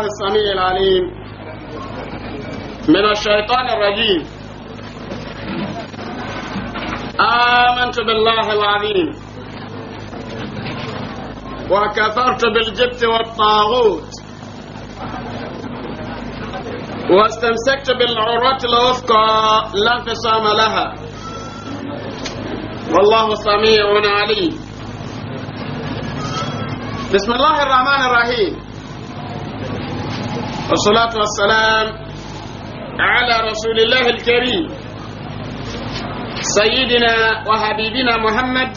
الله السميع العليم من الشيطان الرجيم آمنت بالله العظيم وكفرت بالجبت والطاغوت واستمسكت بالعروة الوثقى لا انفصام لها والله سميع عليم بسم الله الرحمن الرحيم والصلاة والسلام على رسول الله الكريم سيدنا وحبيبنا محمد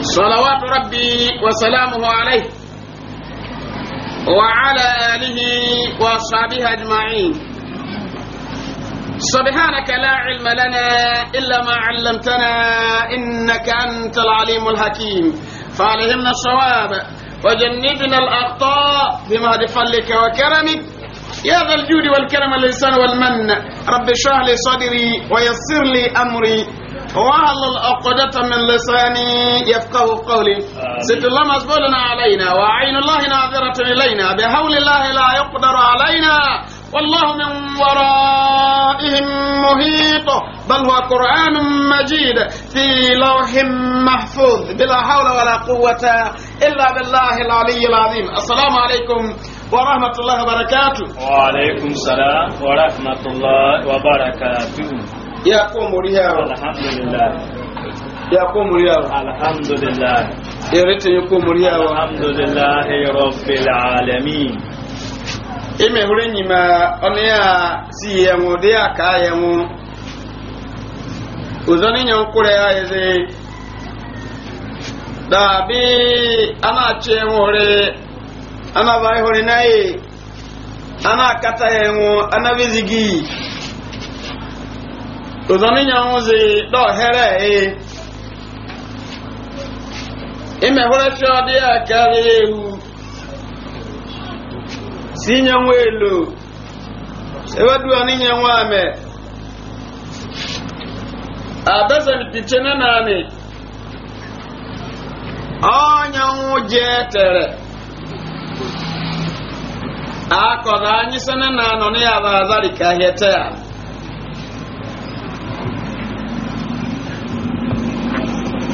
صلوات ربي وسلامه عليه وعلى آله وأصحابه أجمعين سبحانك لا علم لنا إلا ما علمتنا إنك أنت العليم الحكيم فعليهم الصواب وجنبنا الأخطاء بمهد فضلك وكرمك يا ذا الجود والكرم الانسان والمن رب اشرح لي صدري ويسر لي أمري وهل العقدة من لساني يفقه قولي ست الله مسؤولنا علينا وعين الله ناظرة إلينا بحول الله لا يقدر علينا والله من ورائهم محيط بل هو قرآن مجيد في لوح محفوظ بلا حول ولا قوة إلا بالله العلي العظيم السلام عليكم ورحمة الله وبركاته وعليكم السلام ورحمة الله وبركاته يا قوم رياض الحمد لله يا قوم رياض الحمد لله يا ريت قوم رياض الحمد لله رب العالمين ime hore nyima ɔne a si yɛ ŋo ya a kaa yɛ ŋo ozɔne nyɛ korɛ a yɛ se daabi ana kyɛ hore ana vai hore na ye ana kata yɛ ŋo ana bi zigi si nyanwa elu ewadua ni nyanwa ame abasa ni piche na nani onyanwu je tere akọrọ anyị sị na na anọ na ya bụ azarị ka ahịa taa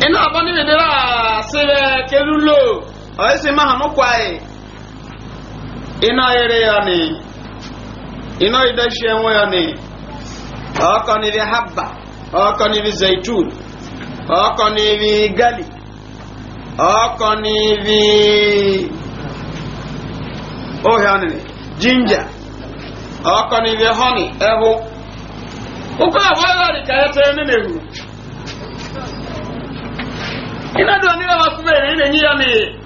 ị na-abọ n'ime dịrị asịrị kedu lo ọ isi mahụ ina ere ya ni ina idashe enwe ya ni ọkọ ni bi habba ọkọ ni bi zaitun ọkọ ni bi gali ọkọ ni bi ohe anini jinja ọkọ ni bi honey ẹhu ụkọ abụọ ya dị ka ya tere ne na-ehu ina dị onye ọ na-enye ya n'ihe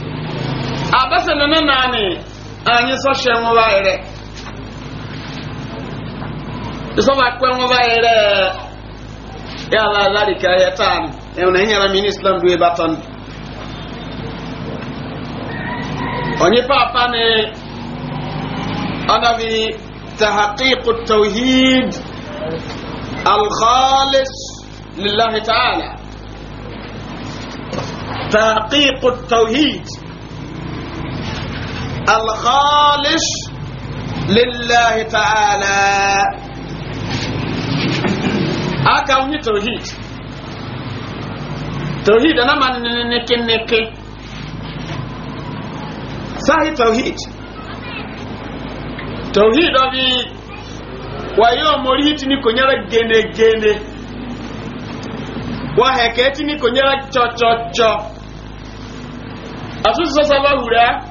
abasa na nanaani anyi sɔ hyɛ ŋo ba yɛrɛ sɔ ba kpɛ ŋo ba yɛrɛ yala lari ka yɛ taa ɛwɔ na nyɛra mi ni islam do eba tɔn ɔnyi paapa ni ɔna bi تحقيق التوحيد الخالص لله تعالى تحقيق التوحيد الخالص لله تعالى أكاوني توحيد توحيد أنا ما نكي نكي صحيح توحيد توحيد أبي wayo mori tini konyara gene gene wa heke tini konyara cho cho cho asusa sabahu da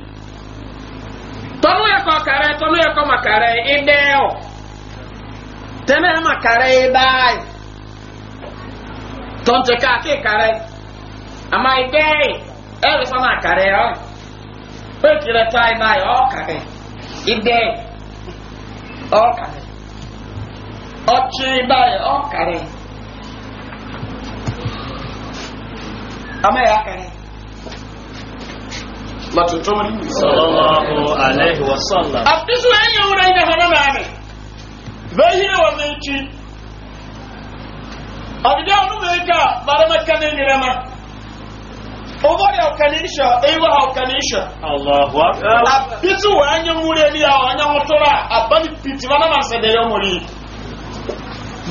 tɔnu yɛ kɔ kare tɔnu yɛ kɔ makare o! tɛmɛ yɛ makare idaayi tɔnte kaa kee kare ama idɛɛyi ɛyɛ sɔ naa kare yɛ ɔyɛ oye tirɛ tɔa yi naa yɛ ɔɔ kare idɛɛyi ɔɔ kare ɔtsi naa ama yɛ ɔɔ latuntun mu. sallallahu alaihi wa sallam. abdisu ɛn yɛ wura ina hana maame bɛyi ne wɔn ekyi abidjan ɔnu mu eka barama kane nyerema obori ɔkanisha eyiwa ɔkanisha. alahu akbar. abdisu ɛn yɛ wura eni a ɔnyɛ hotora abali piti bana ma sɛ de yɛ mori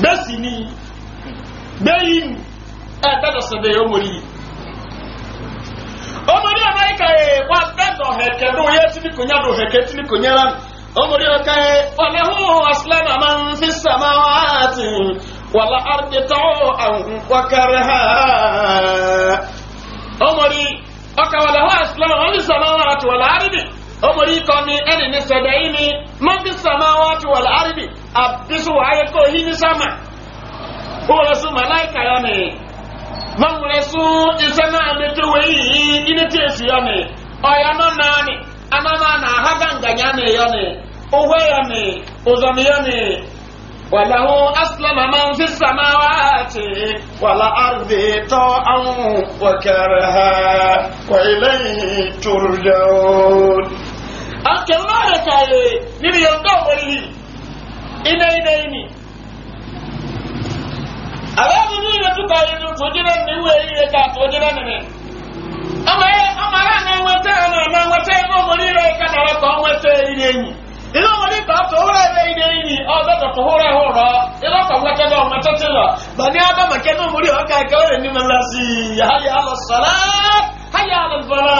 bɛsi ni bɛyi mu ɛɛ bɛ dɔ ọmọdé ọmọ yìí kàyé wà bẹ́ẹ̀nà hẹ̀kẹ́ dùn yẹ tí ní kònyá dùn hẹ̀kẹ́ tí ní kònyá rán ọmọdé ọmọ kàyé ọlẹ́hùn aslam máa ń fi sàmà wá àti wàlá àrùbẹ̀tà àwọn wákàrẹ̀ ha ọmọdé ọkà wàlẹ́hùn aslam ọmọdé sàmà wá àti wàlá ọmọdé kọ́ ni ẹni ní sẹ̀dẹ̀ yìí ni máa ń fi sàmà wá àti wàlá àrùbẹ̀ àbísùwà ayẹ́kọ̀ọ́ yìí ní sàmà ó wọ́n sún na sún iṣẹ́ náà na-amete wẹ̀ yìí iná tí èsì yọ ni ọ̀yọ́ náà náà na anáná náà ha gàǹgànyà ni yọ ni owó yọ ni ọ̀zọ́ ni yọ ni wàláhùn asílámà máa ń fi sàmà wá àti wàlá anwụ tọ́ ha abaabu ni yɛ tu kari tu tu gyina ne wo eyi yɛ ka tu gyina ne ne ama yɛ ama yɛ ana nwɛtɛ ana ana ka na nweta kɔ nwɛtɛ yɛ yɛ nyi ilé wọn ní bàtò wúrà yẹ yìí yìí ni ọdọ tọtọ wúrà yẹ wúrọ ilé ọkọ wúlọtẹ náà ọmọ tẹtẹ lọ bani adama kẹnu múri ọkà kẹwé rẹ nímọ lásì yàrá yà lọ sọlá hayà lọ bọlá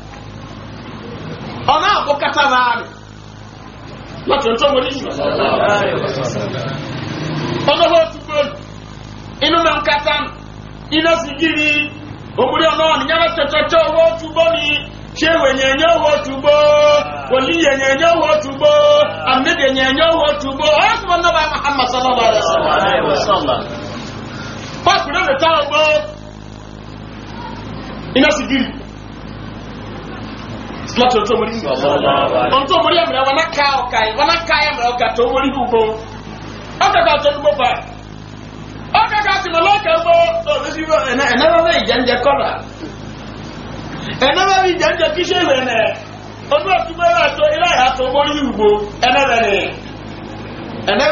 ọ na náà rẹ̀ láti ọjọ́ mọ̀ níjù ọ̀nà wọ́n ti gbé inú mẹ́ ń kátà iná sì gírí òmùrí ni ṣé wènyẹ̀nyẹ́ owó túbọ̀ wòlí yẹ̀nyẹ̀nyẹ́ owó túbọ̀ àmìdè yẹ̀nyẹ́ owó túbọ̀ ọ̀yẹ́sùmọ̀ náà bá mahamma slot ọtọ mori mu ọtọ mori amina wọn aka ọka yi wọn aka yi amina ọka tọ mori mu bọ ọkaka tọ mu pa ọka àhànà yìí ẹ̀jẹ̀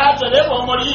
ha yìí.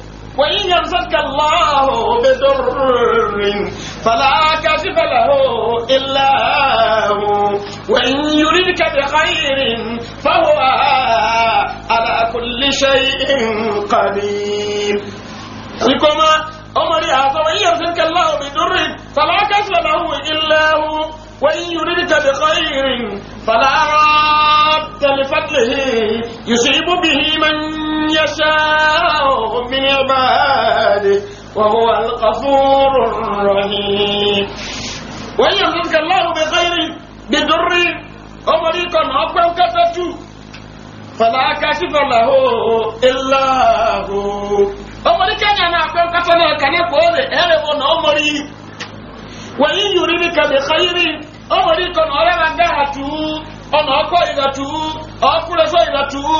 وإن يمسك الله بضر فلا كاشف له إلا هو وإن يردك بخير فهو على كل شيء قدير لكما أمري يا وإن يمسك الله بضر فلا كاشف له إلا هو وإن يردك بخير فلا رد لفضله يصيب به من يشاء من عباده وهو الغفور الرحيم وإن يردك الله بخير بضر أمريكا أقوى كفتو فلا كاشف له إلا هو أمريكا أنا أقوى كفتو كان يقول أنا أمريكا wẹ̀yí yorì ní kẹ̀mí xayiri ọmọ ní kọ́nà ọ̀rẹ́ máa ń gá ha tù ú ọ̀nà ọkọ̀ ìlà tù ú ọ̀kúrẹ́sọ̀ ìlà tù ú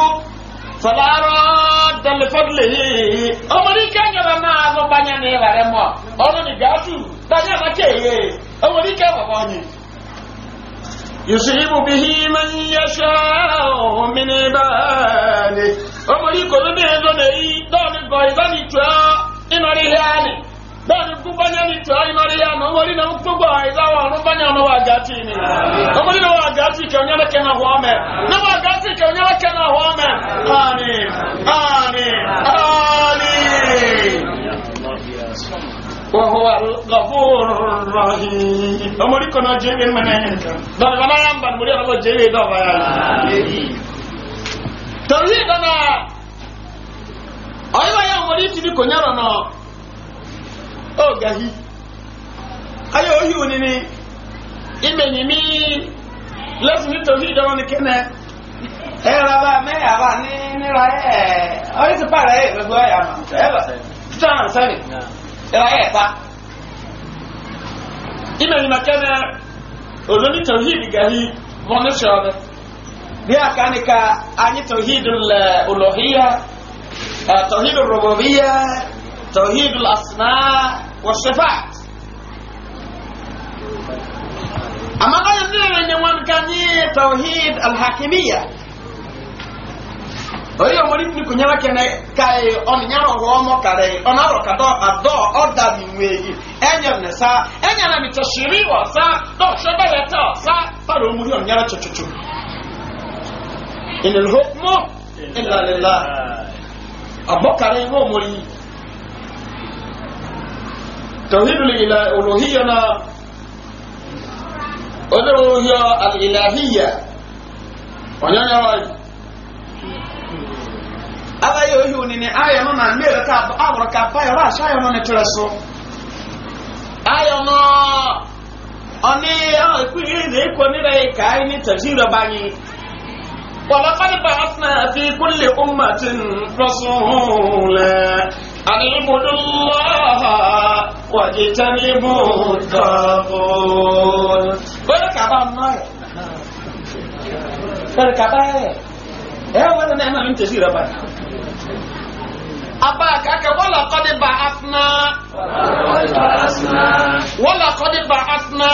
fọláàrọ̀ dẹlifọ̀dìlẹ̀ yìí ọmọ ní kẹ́nyẹ̀ bá máa lọ bányẹ̀ ní ọ̀nà ní kẹ́ bẹ́ẹ̀ni gúnbányá ní tọ́ ìmáríyá ọmọdé náà gbogbo àìdáwọ̀ ọ̀rúnbányá ọmọ wa gàtí ni ọmọdé náà wà gàtí kẹ ọ̀nyẹ́lẹ́ kẹ náà wọ́n mẹ́ náà wà gàtí kẹ ọ̀nyẹ́lẹ́ kẹ náà wọ́n mẹ́ ààrẹ ààrẹ ààrẹ. وهو الغفور الرحيم أمري o oh, gahi ayo oyi wuni ni ibenyi mi lẹsi mi tofi ìjọba ni kẹnẹ ẹ raba mẹya ba ni nira ẹ ọyẹ ti para ẹ gbogbo ẹ yàrá ẹ bá two thousand seven ẹ ra ẹ ta ibenyi ma kẹnẹ olórí tofi ni gahi wọn ní sọ ọbẹ bí a kan ní ka anyi tofi dùn lẹ olóhìyà tofi dùn rọbọbìyà. توحيد الأسماء والصفات أما قد يمنع أن يمكن توحيد الحاكمية oyo mori ni ko nyara kene kai on nyara ro mo kare on aro ka do ado oda mi weyi enya ne sa enya na mi tashiri wa sa do shoda ya ta sa paro mori on nyara chuchuchu in al hukmu illa lillah abokare mo mori توحيد الالوهيه نا الالوهيه الالهيه ونانا واي aba yɛ ohi onini ayɛ no na mmiri ka aworɔ ka ba yɛ ɔrahyɛ ayɛ no ne terɛ so ayɛ no ɔne ɛkuyiri na ekɔ ne dɛ ka ayɛ ne tafsiri banye wɔlɔkɔ ne أن اعبدوا الله واجتنبوا الطاغوت بركة الله بركة الله يا ولد نعمة من تسير بقى abáàkà kẹ wọ́n làkọ́dé bá asná. wọ́n làkọ́dé bá asná.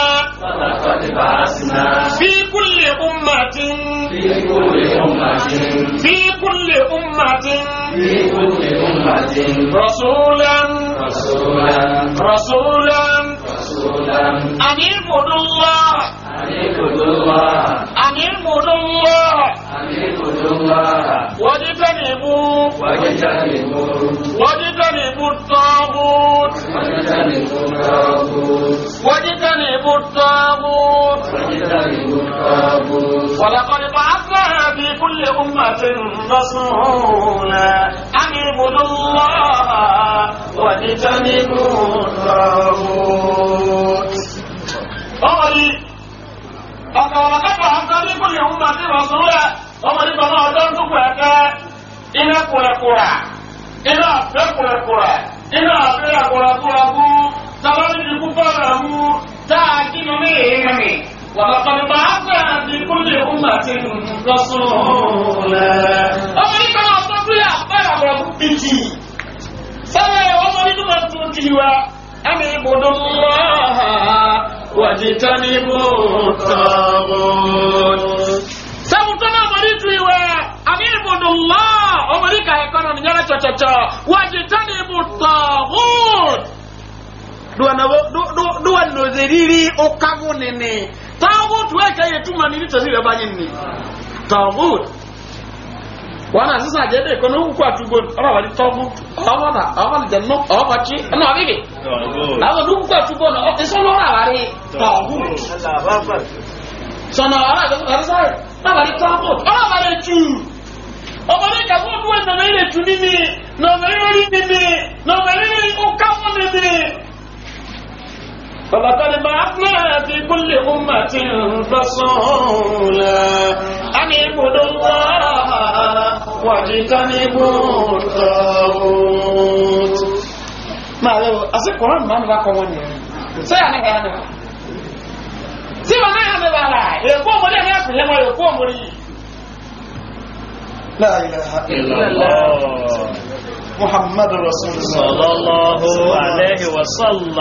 fi kúlè ummatin. fi kúlè ummatin. fi kúlè ummatin. fi kúlè ummatin. rasulan. rasulan. rasulan. rasulan. ani ibudullah. ani ibudullah. ani ibudullah. واجتنبوا واجتنبوا الطاغوت واجتنبوا الطاغوت ولقد بعثنا في كل أمة رسولا أن اعبدوا الله واجتنبوا الطاغوت أولي أقول لقد بعثنا في كل أمة رسولا ọmọ nípa náà tó kúrẹ́ kẹ́ iná kúrẹ́kúrẹ́ iná ọ̀fẹ́ kúrẹ́kúrẹ́ iná ọ̀fẹ́ kúrẹ́kúrẹ́ kú sábà níbi kúkọ́ rẹ̀ mú táà kí ni mí èyí mi wàlọ́kọ̀ọ́ bá a fẹ́ àti kúlẹ̀ ọmọ àti lọ́sùn ọ̀lẹ́. ọmọ nípa náà ọdún tó yà fẹ́ràn kú pìtì tó ti wá abudullah omurika ekonomi nyara chochocho wajitanibu taghut duwanozeriri okabunene taghut wekayetumaniri tozire banyini taghut wana sisa jede kono huku atugon ona wali taghut awana awana janno awachi ana wabiki awa huku atugon isono ona wali taghut sono ona wali taghut ona wali taghut ona wali taghut ọmọdé kàfọ́ ọdún ẹ̀ nàmẹ́ ilẹ̀ tù nínú nàmẹ́ orí nínú nàmẹ́ ọkà fún nínú. فلقد بعثنا في كل أمة رسولا أن اعبدوا الله واجتنبوا الطاغوت. ما هذا؟ أصل القرآن ما نبغى قوانين. سيعني هذا. سيما ما هذا؟ يقوم وليه يقوم وليه يقوم وليه لا إله إلا الله محمد رسول الله صلى الله عليه وسلم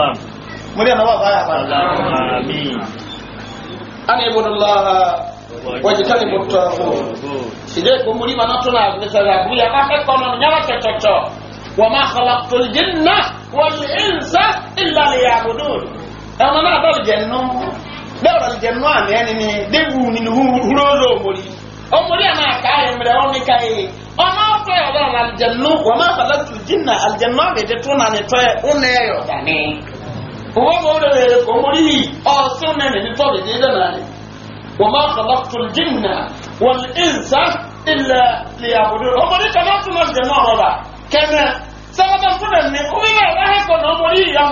مريم الله يا آمين أن يعبد الله واجتنبوا الطاغوت إليكم مريم أن أطلع بسلام ويا ما حكم من يلا وما خلقت الجن والإنس إلا ليعبدون أنا ما دار الجنة دار الجنة يعني دبوا من هو هو ọmọdé àná àkàrẹ mìíràn wọn ní káyé ọmọ afọ yà ọdọ àwọn alìjẹnu wọn máa fàlà tù jìnnà alìjẹnu àmì ètò tó nàní tọ ẹ ó nà ẹ yọ dání. owó mọ ọdọ rẹ ọmọdé yìí ọsùn náà nìyí tọ lè dín dáná rẹ wọn máa fàlà tù jìnnà wọn ìnsá ilẹ̀ lìyàbọ̀dọ̀ ọmọdé kan náà tún náà jẹ̀ náà rọ̀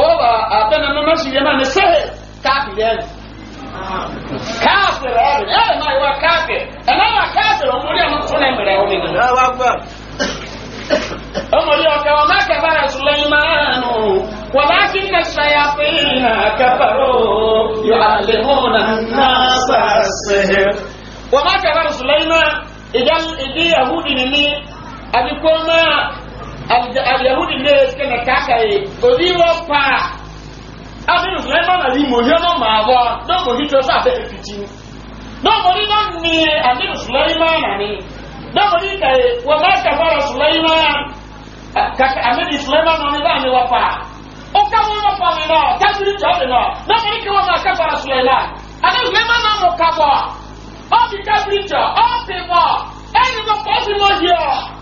ọba abẹ́nà mọ́mọ́ sì yẹn náà ní sẹ́hẹ̀ káàkiri ẹ̀ káàkiri ẹ̀ ẹ̀ máa yọ káàkiri ẹ̀ náà wà káàkiri ọmọ orí ọmọ tó náà mẹrẹ ọmọ ìgbà. ọmọ orí ọkẹ wọn máa kẹfà rẹ sùlẹ́mánù wọn máa kí ní ṣayàfin kẹfàró yọ àlẹmọ́nà náà sàṣẹ. wọn máa kẹfà rẹ sùlẹ́mánù ìdí yahudi nìní àdìpọ́ alyahudi ne suka na kakaye ozi wɔ paa abinu fila ma na yi mohia no ma bɔ dɔw mo hitɔ sa afɛ fiti dɔw mo ni ma nie abinu fila yi ma na ni dɔw mo ni ka ye wa ma kafara fila yi ma kaka abinu fila yi ma na ni ba ni paa o ka wɔn paa mi nɔ kabiri tɔ mi nɔ dɔw mo ka wɔn ma kafara fila yi ma abinu fila yi ma na mo ka bɔ ɔbi kabiri tɔ ɔbi bɔ ɛni mo kɔsi mo hiɛ.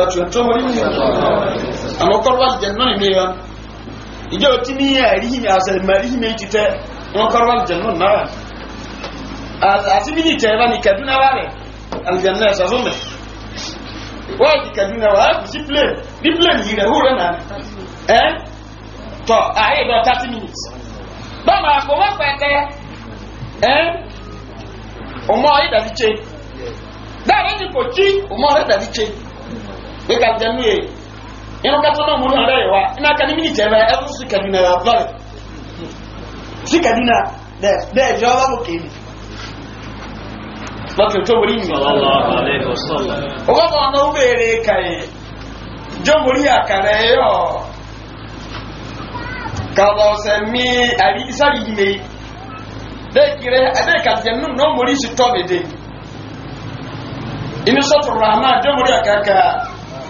láti ọ̀tọ́ wọlé ní àmọ́ kọ́rọ́ wà jẹ̀ náà ní wọn ìjọ ní ẹ̀rí mi àṣẹ mẹ́rí mi ti tẹ́ wọn náà náà àti mi ní tẹ́ ní kẹ́dúnà wà rẹ̀ àlùjẹ̀ náà ṣàṣọ mẹ́ wọ́n ti kẹ́dúnà wà á sí plane ní plane yìí rẹ̀ húrẹ́ náà ẹ́ tọ́ ààyè lọ thirty minutes bọ́ọ̀mù àkọ́wọ́ pẹ̀kẹ́ ẹ́ ọmọ ayé dàbí tse dáadé ti kò tí ọmọ ayé dàbí tse. nika aljannu ye ina ka tɔnɔ mun yɛrɛ ye wa ina ka nimini cɛ bɛ ɛfu si kaduna ya ba si kaduna dɛ dɛ jɔ ba ko kiri lɔtɔ tó wuli ɲuman o b'a fɔ ka ye y'a kan dɛ yɔ kalɔsɛ mi ali isali yime dɛ kiri ale ka aljannu n'o mori si tɔ de y'a kan ka.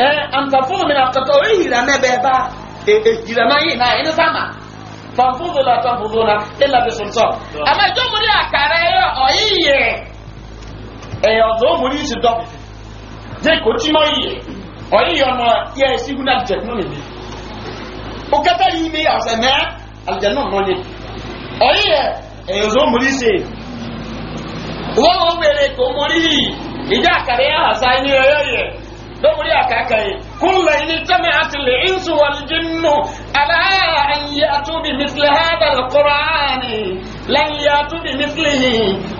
أنفضوا من القطوعي إلى نبابا إلى ما ينا إلى زمان فانفضوا لا تنفضون إلا بسلطان أما يجوم لي أكاري أيي أيضو مريد سدوب زي كوتي مي أيي أما يسيبنا الجنة نبي وكتر يمي أسمع الجنة نوني أيي أيضو مريد سي wọ́n wọ́n wẹ̀rẹ̀ kò mọ́rí ìjà àkàrẹ́ àṣà ẹni ọ̀yọ́ yẹn dɔwɔri a kaa kan ye kunba yi ni tɛmɛ a ti le insu wali jinnu ala an yaatu bi misili hada la kuraani lan yaatu bi misili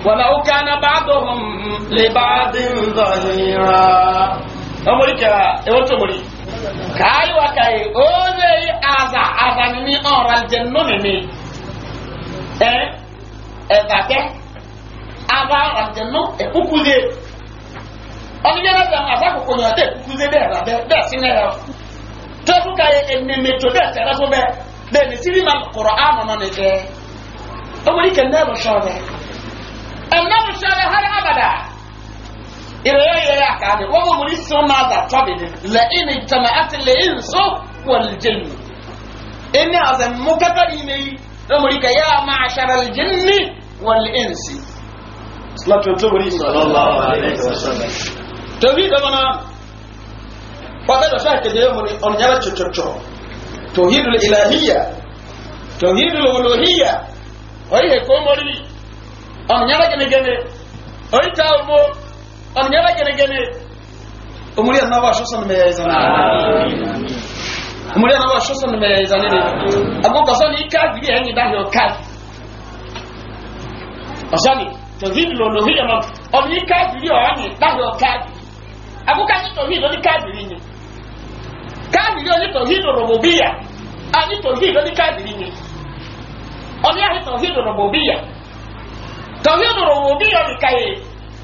wala o kaana baadɔn le baadin zahira. dɔwɔri kɛra e wa tɔmɔri. kaayi wa kaayi o de ye aza aza ni ni ɔrɔ alijannu ɛ ɛ ka kɛ aza alijannu ɛ kuku de. ọdúnjẹ́ náà sàn na yàn dé kúkúzé bẹ́ẹ̀ rà bẹ́ẹ̀ bẹ́ẹ̀ sí náà tẹ́kù ka yẹ ẹnẹmẹtò bẹ́ẹ̀ tẹ̀rẹ́ fún bẹ́ẹ̀ bẹ́ẹ̀ ní sírí ma kọ̀rọ̀ àmọ́ náà nìkẹ́ ọmọdé kẹ nẹ́ẹ̀rọ sọ̀rọ̀ ẹnẹ́rọ sọ̀rọ̀ hali abada ìrẹ̀yẹ yẹ yà kà ní wọ́n mú ní sọ́n máa dà tọ́bi ní lẹ́yìn ìjàmẹ́ àti lẹ́yìn nsọ́ wọ̀lì jẹ́nu ẹni àzẹ mú kẹ́kẹ́ yìí ní ọmọdé kẹ yà máa ṣàrẹ̀ jẹ́nu wọ̀lì ẹ̀nsì. tawhid mana wata da sa ke da mu ne on yara ilahiya, tawhidul ilahiyya tawhidul uluhiyya oye ko mori on yara gene gene oye ta mo on yara gene gene umuri annabawa shosan me yayi zana umuri annabawa shosan me yayi zana ne abu kaso ni kazi bi hanyi dahi o kazi asani tawhidul uluhiyya ma on yi kazi bi o hanyi dahi o kazi akuka ni tawhid ni, kafiri ni kafiri oni tawhid rububiyya ani tawhid ni kafiri ni oni ahi tawhid rububiyya tawhid rububiyya ni kai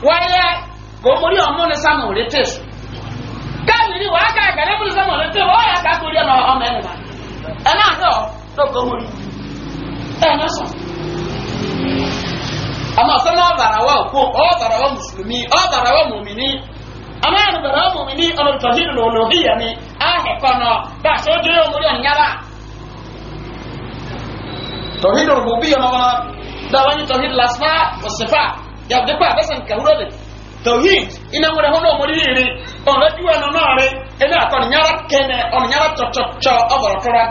waya gomori omo ne samu le tesu kafiri wa ka ga le bu samu le tesu o ya ka ko ri ona o me na ana do do gomori e ama sọ na ọ bara wa okwo ọ bara wa musulumi ọ bara wa mumini ama yɛn bɛrɛ mu mi ni ɔno tɔhi no no hi yɛ mi ahɛ kɔnɔ ba so gyere wɔn yɛ nyaba tɔhi no mo bi yɛ mɔmɔ da wɔn ni tɔhi lasma osifa yɛ de kɔ a bɛ sɛn kahuro de tɔhi ina wɔn ho na wɔn yiri ɔno adi no nɔɔre ɛna akɔ no nyara kɛnɛ ɔno nyara tɔtɔtɔ ɔbɔrɔ tora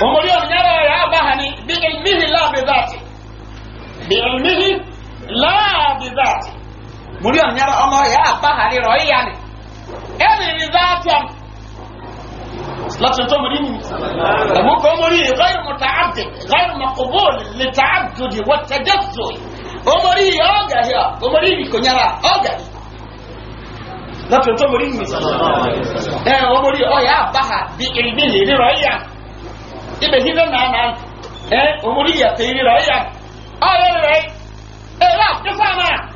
wɔn yɛ yɛ aba ha ni bi ilmihi laabi daati bi ilmihi laabi daati. muri onyara ọmọ ya apahari rọ ya ni ẹni ni zaatọn lọtọtọ muri mi ẹmu kọ muri gairu mutaabdi gairu makobol litaabdudi wọtajazoi omori ọga ya omori mi konyara ọga ya lọtọtọ muri mi ẹ omori ọya apaha bi ilmi ni rírọ ya ibẹ hílẹ nàánà ẹ omori yàtẹ rírọ ya ọyọ rẹ ẹ rà kẹfà náà.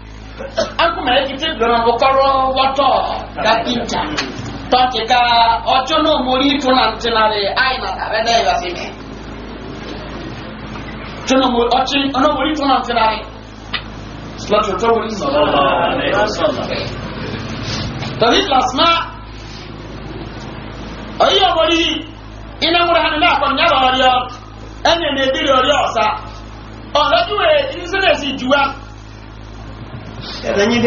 akuma ekiti dɔrɔn o kɔrɔ wɔtɔ ka pinta tɔnti ka ɔtɔ n'o mori tuna tuna de ayi na a bɛ da yi lase mɛ tuna mori ɔti ɔnɔ mori tuna tuna de lɔtɔ tɔ wuli sɔrɔ tɔbi lasuma ɔyi yɔ mori inamura n'a ẹ̀dẹ̀yìn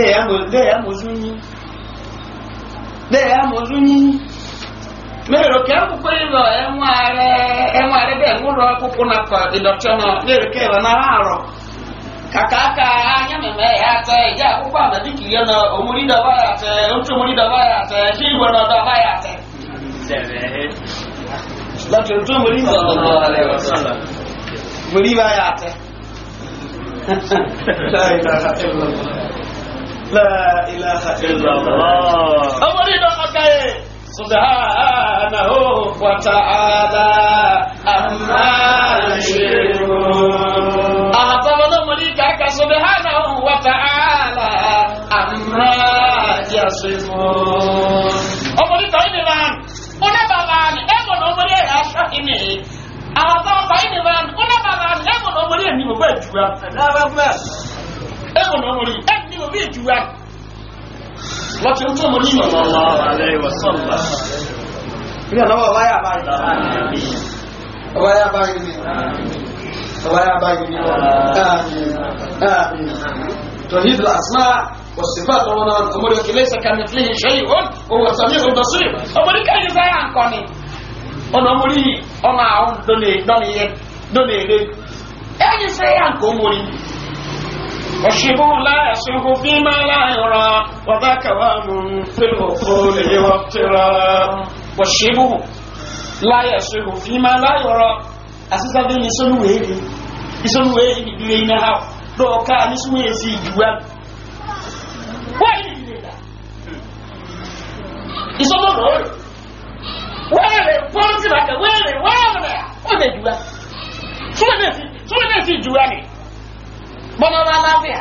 dẹ̀yàmọ̀zúnyí dẹ̀yàmọ̀zúnyí mẹ́rọ kẹ́ kúkú ìlọ ẹ̀wọ̀n ààrẹ ẹ̀wọ̀n ààrẹ bẹ́ẹ̀ ń rọ kúkú náà kọ ìdọ̀tí ọ̀nà mẹ́rọ kẹ́ ìlọ náà rọ kàkàkà anyamẹ̀mẹ̀ ẹ̀ àtẹ ìyá àkókò àmàdí kì í yẹn nà òmùrídọ̀wá àtẹ ntòmùrídọ̀wá àtẹ ṣé ìwọ náà lọ́tọ̀ la ilaha illallah la ilaha illallah amori dɔ ka ye subhanahu wa ta'ala amma yushrikun a tawa na mori ka ka subhanahu wa ta'ala amma yasifun amori tɔ ye ọmọ ní ẹni bàbá ìjùwà ẹ̀wọ̀n ọmọ ní ẹni bàbá ìjùwà wọ́n ti ń tó ọmọ ní ìmọ̀ ọ̀la ní ọ̀nàwọ̀ wáyà báyìí wáyà báyìí ni wáyà báyìí ni توحيد الاسماء والصفات وانا امرك ليس كمثله شيء وهو السميع البصير امرك اي زي عنكم ọ̀nà orí ọmọ àwọn dọ́nà èdè ẹni sẹ́yà nǹkan mú ni. Òṣìbó láàṣìbó bí máa láìra wàdá kàwánu fílò kó lè yé wọ́n tẹ́ra. Òṣìbó láàṣìbó bí máa láìra àṣìṣàdé ní sọ́nùwéé ni ìsọ́nùwéé ni ìdílé iná ha lọ́ọ̀ká ní sọ́nùwéé sí ìjùwá. Wọ́n yìí nìyẹn dà. Ìsọ́nù lọ́ọ̀rì. Wẹ́ẹ̀rẹ̀ pọ́ńtì bàtà wẹ́ẹ̀rẹ̀ wẹ́ẹ̀rẹ̀ ó lè jùlá. Súnmọ́ náà sí sóyè sì jù wá ni bọ́lá ọ̀la láfíà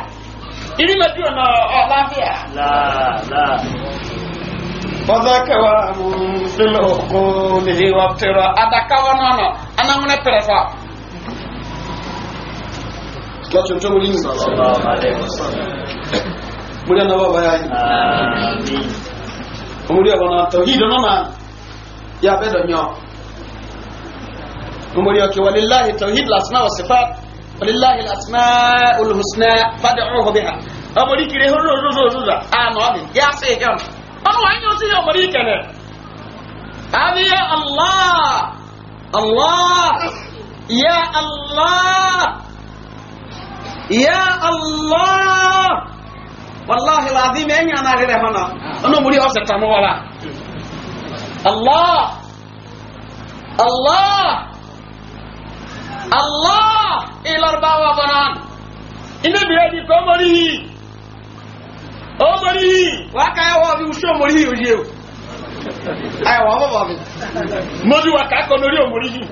ìrí mẹ́tí ọ̀nà ọ̀láfíà. Bọ́dákẹ́wà sílẹ̀ òkú lèyí wa tẹ̀rọ àdàkáwọ́ náà nọ anáwọ́nẹ́ pẹ̀rẹ̀ fà. Lọ́tún tó múlí nìyí. Múlí ọ̀nà bàbá yá yìí. Múlí ọ̀nà tó yìí dọ́nà máa yà bẹ́ẹ̀ dọ̀ تمريوكي ولله توحيد الأسماء والصفات ولله الأسماء الحسنى فادعوه بها رهو رهو رهو رهو آم آمين يا سيكم أو أن يوسي أمريك هذه يا الله الله يا الله يا الله والله العظيم أني أنا غير هنا أنا مريء أسر الله الله Allah ilarbawa banan ina biredi ko morihi o morihi wa ka ya wa bi usho morihi o je o ay wa ba ba bi mori wa ka ko nori o morihi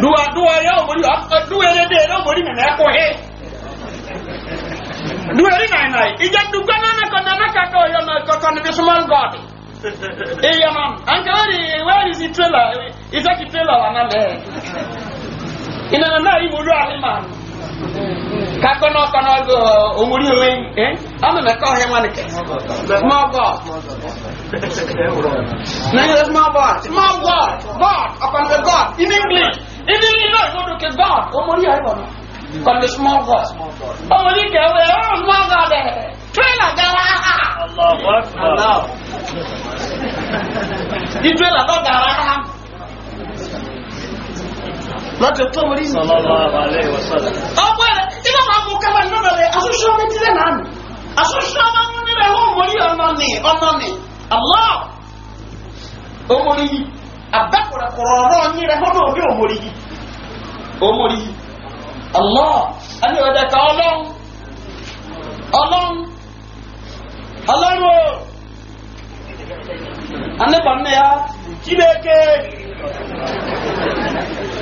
duwa duwa ya o mori a duwa ya de o mori na ko he duwa ri na na ija du gana na ko na ka ko yo na ko ko ni small god Hey, man, uncle, where is the trailer? Is that the trailer? ìnana náà yìí mo lọ àlè màá nù kakɔ n'ɔ kɔ n'ɔdɔ omori owe ɛ ɔmɛ mɛ kɔ hɛmɔ ni kɛ small god n'an yɛrɛ small god small god god upon the god in english in english n'o yɛrɛ do ke god omori yɛrɛ bɔ upon the small god omori kɛ o yɛrɛ small god yɛ trailer gɛ wa ha. allah wa allah. di trailer dɔ gara ha láti ọ̀tọ́ orí mi. ọ̀pọ̀ ẹ̀ tí wọ́n máa mú kaba nínú rẹ̀ asosọ ọmọ ti rẹ̀ náà nù asosọ ọmọ mú ní rẹ̀ wọ́n mọ̀rí ọ̀nà ni ọ̀nà ni àlọ́ ọmọrí yìí abẹ́kùrẹ́kùrọ̀ ọ̀rọ̀ ní rẹ̀ wọ́n náà bí ọmọrí yìí ọmọrí yìí àlọ́ ẹni ká ọlọ́run ọlọ́run ọlọ́run o anẹ́bàmẹ́yà kílẹ̀ kéè.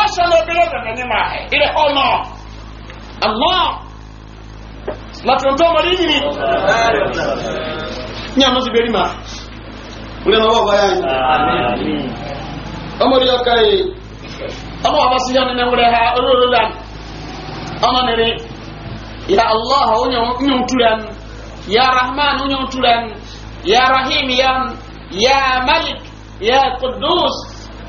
ọ̀ṣọ́ ní obìnrin ọ̀dọ̀dọ̀ ní máa ilẹ̀ ọ̀nà àmọ́ màtúntọ́ ọmọdé yìí ni ní àmọ́ sí bẹ́rí máa wúlẹ̀ máa wọ́n wáyà yìí ọmọdé ọkà yìí ọmọ àwọn sí yánni náà wúlẹ̀ ha olóòlò lan ọmọ nìrí ya allah onye nturan ya rahman onye nturan ya rahim ya malik ya kudus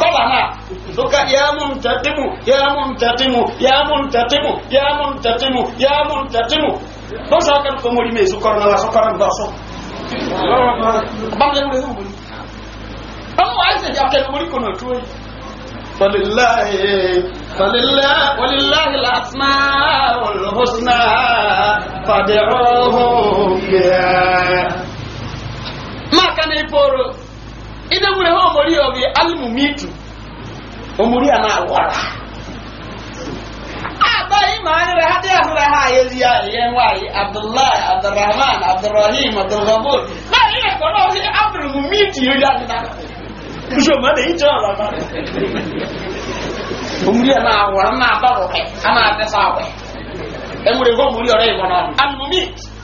طبعا دوك يا منتقم يا منتقم يا منتقم يا منتقم يا منتقم بس هكذا كمولي مي سكرنا لا سكرنا باسو بعدين نقول أما عايز يأكل مولي كنا توي فلله فلله ولله الأسماء الحسنى فادعوه بها ما كان يفور ina mure ho mori obi almumitu omori ana awara aba imani re hadi afra ha ha ya yen wari abdullah abdurrahman abdurrahim abdulghafur ba ile ko no si almumitu yo ya na ha. ma de ijo ala ma omori na aba ha ana ate sa we emure ho mori ore igbo almumitu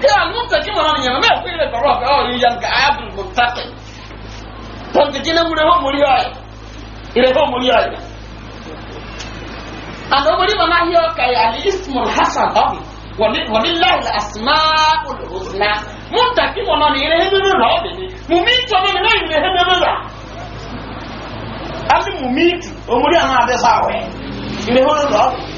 kí àlùmọ́tàkì mọ̀ náà nìyẹn mẹ́ẹ̀ fún ilẹ̀ kọ̀rọ̀ ọ̀gá ọ̀rẹ́ yẹn ká ábùrù kò sáké pọ̀ntìkì náà wúlò hàn mórí ọ̀yẹ́ ilẹ̀ hàn mórí ọ̀yẹ́ àná wọ́n ní mọ̀ náà yẹ ọ̀kà yà ní ismul hasan ọ̀hún wọ́n ní láìlẹ̀ àsìmá olùhùsìlá mọ́tàkì mọ̀ náà nìyẹn hẹ́mẹ́rẹ́ rà ọ̀bẹ̀ ni mùmí tọ́ ní náà ilẹ̀ hẹ́mẹ́rẹ́ rà á ní mùmí o òmùrí àwọn abẹ́fà wẹ̀ ilẹ̀ hẹ́mẹ́rẹ́ rà ọ̀bẹ̀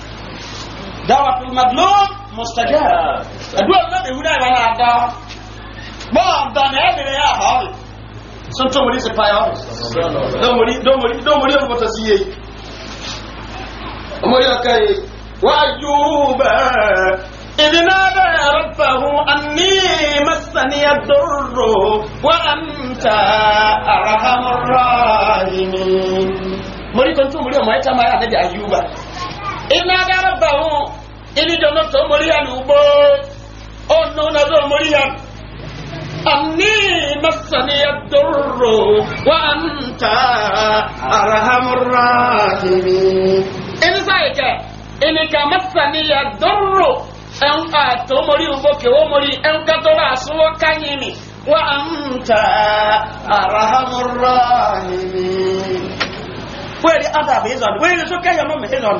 دعوة المظلوم مستجاب أدوى النبي هنا ولا أدعى ما أدعى يا حالي سنتو مريد سبايا حالي دو مريد دو مريد دو مريد المتسيي مريد كي وأيوب إذ نادى ربه أني مسني الضر وأنت أرحم الراحمين مريد كنتم مريد ما يتمعي النبي أيوب iná adára bà wọn inú ìdáná tó mórí yá ni ugbó ọ̀nà ọ̀nà tó mórí yá ni. أني مسني الضر a أرحم الراحمين إن سايك إنك مسني الضر أن أتمري وبك ومري أن كتر kanyini كيني وأنت أرحم الراحمين Where the other is on? Where is okay? Your mom is on.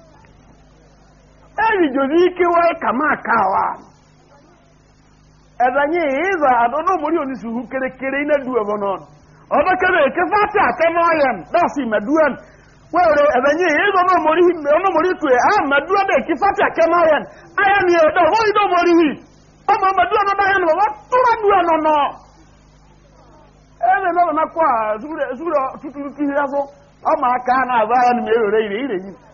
erijozi ikewa kamaka wa ẹ̀dànyẹ ìhìzà àdọ́nà mọ́rí oníṣùhù kérékéré iná dúwẹ̀ bọ́ náà ọdọ́ kẹrẹ kẹfà tí àtẹ́mọ́ ayẹm dáàsì mẹ́dúwẹ̀n wẹ́rẹ̀ ẹ̀dànyẹ ìhìzà ọ̀nà ịza tù ẹ̀ á mẹ́dúwẹ̀ bẹ́ẹ̀ kẹfà tí àtẹ́mọ́ ayẹm ayẹm yẹ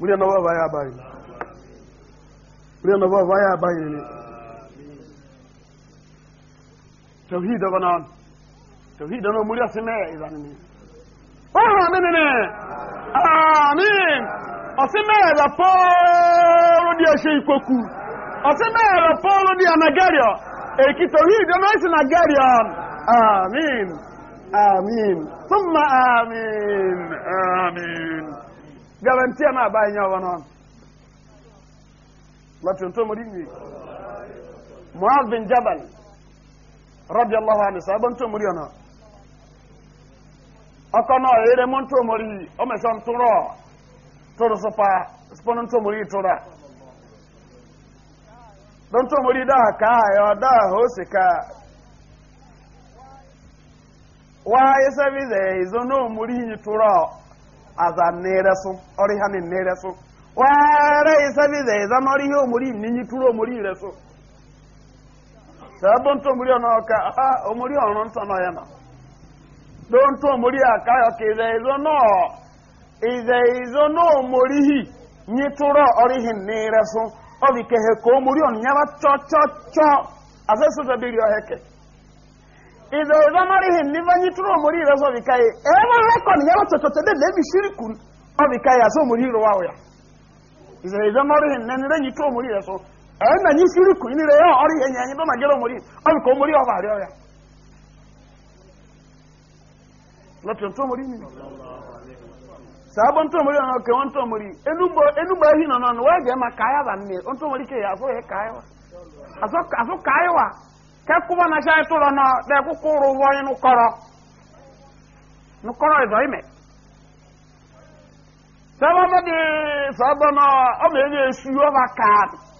murya na baba ya bayi murya na baba ya bayi ne tauhid da bana tauhid da no murya sun ne idan ne oh ne ne ne amin ọsìn Osimiri rẹ̀ di ọṣẹ́ ìkókù ọsìn mẹ́rẹ̀ di anagariọ èkì torí ìdáná Amen. Amen. guarantee na aba anya wọn on lati nto mori ni muaz bin jabal radiyallahu anhu sabo nto mori ona ọkọ náà eré mọ nto mori ọmọ ẹsọ ntúrọ tóró sopa spọnú nto mori ka lọ́ntọ́ mori dáa káà ẹ̀ ọ̀dá hósì káà wáyé sẹ́fíìsì ẹ̀ ìzọ́nà aza nereso ori ha nereso were isabize za mori ha omuri ninyi turo omuri reso sabon to omuri ona ka ha omuri ona nso no ya na don to omuri aka yo ke ze zo no ize izo no omuri hi nyi turo ori hi nereso obi ke he ko omuri on nyaba cho cho cho azesu da biri o heke izo zamarihi nivanyi turo muriro zo bikaye ebe rekon yaba totote de de mishirikun o bikaye aso muriro wawo ya izo zamarihi nenire nyi turo muriro so ena nyi shiriku inire yo ori yenye nyi nto na ke won enugbo ehi ka ba ke ya kekuba na shai tụrụ na dekwu ụgwọ onye nụkọrọ ịzọ ime sọbọbọ dị sọbọ na ọ ma esu ọba ka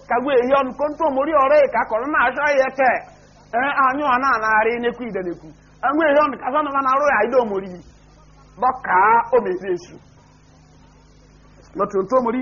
ka ehi ọnụ ko ntụ mori ọrụ ka akọrọ na achọ ihe te ee anyụ ọ na-anagharị nekwu ide ehi ọnụ ka na arụ ya ide omori dọka ọ esu mori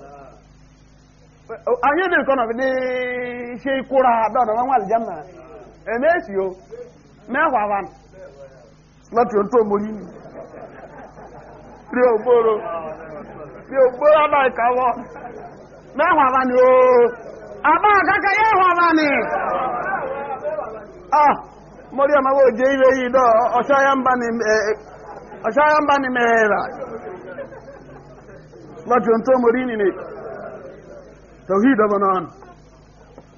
anyị dị nkọ nọbi n'ise ikwụra dọọ na nwa aljanna eme esi o mee hwavan lọtụ ntụ omori ri ogboro ri ogboro adọghị ka ọ mee hwavan o aba akaka ya hwavan ah mori amaghị oje ire yi dọọ ọchọ ya mba ni meera lọtụ ntụ omori ni tawhid ọmọ náà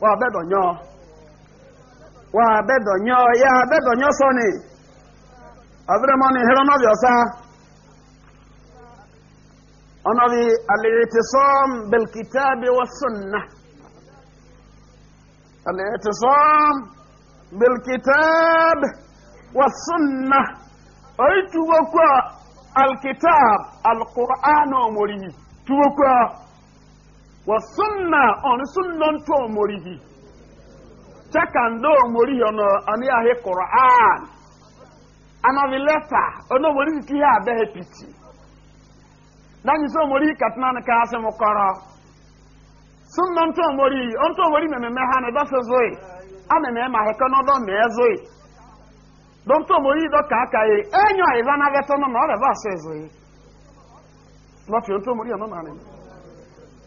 wà abẹ́dọ̀nyọ́ wà abẹ́dọ̀nyọ́ yà abẹ́dọ̀nyọ́ sọ́ni abiremọ́ni hẹ́rọ́nọ́bì ọ̀sá ọ̀nàbì alìrìtìsọ́m bẹ̀lkìtàbí wọ́sùnà alìrìtìsọ́m bẹ̀lkìtàbí wọ́sùnà oyi tuwọ́kọ́ alkitab alkur'an omori tuwọ́kọ́ wasunna ọ̀nà sunna tó omori yìí chekando omori yìí ọ̀nà ọ̀nà ahẹ́ koran anabi lẹ́tà ọ̀nà omori yìí kí yẹ abẹ́hẹ́ pìtì dáhùn sí omori yìí kàtúnà ní káàsì mu kọ́rọ́ sunna tó ha ní dọ́sẹ̀ zoe zoe zoe na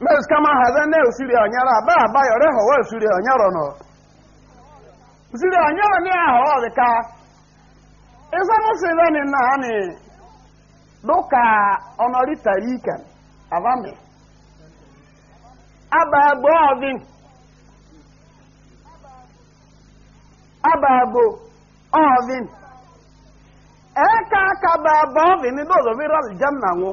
mes kama hadha ne usiri onyara ba ba yore ho usiri onyara no usiri onyara ni aho de ka esa no se da ni na ni doka onori tarika avame aba bo odin aba bo odin eka ka ba bo odin do do viral janna ngo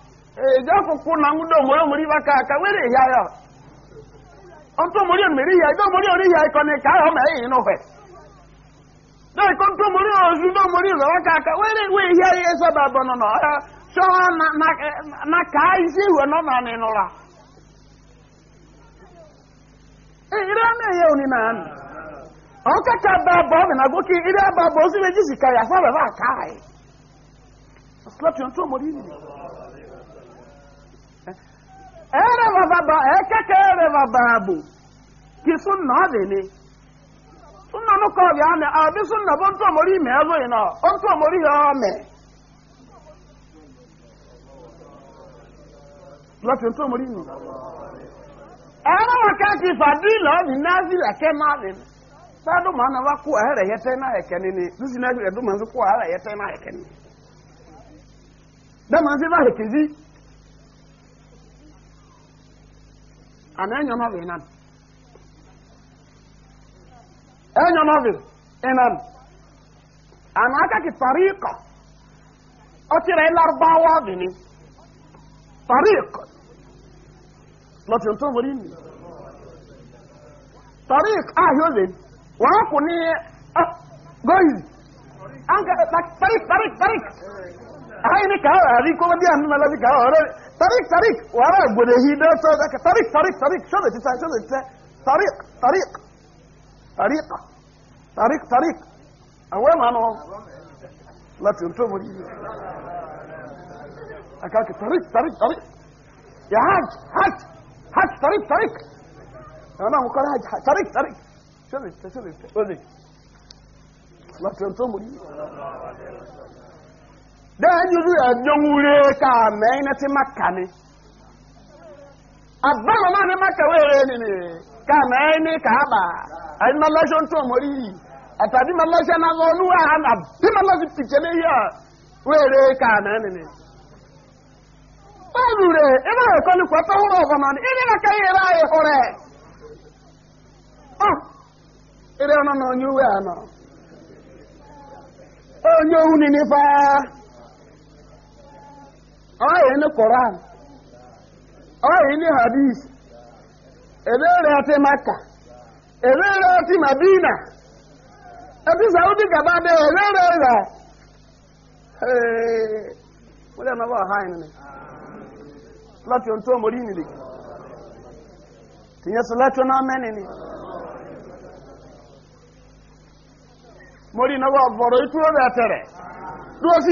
ejo akụkụ na nwudo omori omori ka were ya ya ọtụ omori omeri ya ejo ori ya na ike ahụ na ikọ ntụ omori ozu na omori ka aka were wee ya ya eso nọ na ka isi na e, ire oni na ba ire ba ya fa aka e. anyị Slap ere vavaba ekeke ere vavabu ki sunna adini sunna no ko ya me abi sunna bon to mori me azo ina on to mori ya me la tin to mori no ere wa ka ni la ke ma ma na wa ku na ni na e ma ku na da ma ana enyo na ọbịa inan enyo na ọbịa inan ana aka ki tariqa ọ tiri larubawa ọbịa ni tariqa lọtị ntọ nwere tariq ahịa ozi wọn kụ ni tariq tariq هاي نكاو هذه كوما دي أهم ملاذي كاو طريق طريق وراء بنهيدا صدق طريق طريق طريق شو ذا شو ذا طريق طريق طريقة طريق طريق أول ما أنا لا تنتموا لي أكاك طريق طريق طريق يا حاج حاج حاج طريق طريق أنا مقال حاج طريق طريق شو ذا شو ذا لا تنتموا لي a yà ya ká mẹ́rin ka ti má kà ní. àbáwọ̀ máa ní maka wee rẹ̀ ka ká mẹ́rin e. a kàábà àyìn máa lọ́sọ̀ ń tó mọ́rí yìí àtàdé máa lọ́sọ̀ náà na ní wàhálà náà bí máa lọ́sọ̀ pìtẹ́ ní yà wéèrè ká mẹ́rin nìyí. báwo rẹ̀ ẹ bá ni onye ọyìn ní koran ọyìn ní hadith ebe rẹ maka ebe rẹ madina ẹbí saudi gaba dé ebe rẹ rẹ wọ́n lè nọ́bọ̀ ọ̀hán ni láti ohun tó mọ̀rí nìlè tìyẹ́ sọ láti ọ̀nà mẹ́ni ni mọ̀rí nọ́bọ̀ ọ̀bọ̀rọ̀ ikú rẹ̀ tẹ̀rẹ̀ dúró sí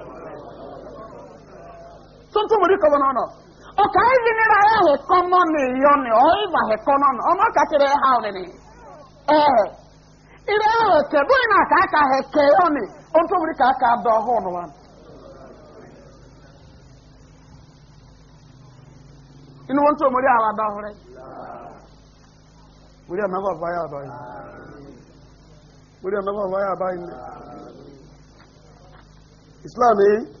sọ́tún mú rí kọ́ wọn ọ̀nà ọ̀ka ìdí nira ẹ̀ hẹ̀kọ́ mọ́ ní ìyọ́ ni ọ̀ ìbà hẹ̀kọ́ náà ni ọmọ kàkiri ẹ̀ ha ọ̀ nìní ẹ̀ ìrẹ̀ ẹ̀ hẹ̀kẹ́ bóyá náà kàkà hẹ̀kẹ́ ọ̀ ni ọ̀tún mú rí kàkà dọ̀ ọ̀hún ọ̀nà wa. inú wọn tó mú rí àwọn adá ọ̀rẹ́ mú rí ọ̀nàbọ̀ fáyà ọ̀dọ̀ yìí mú rí ọ̀nàbọ̀ fáyà ọ̀dọ̀ yìí islam yìí. Eh?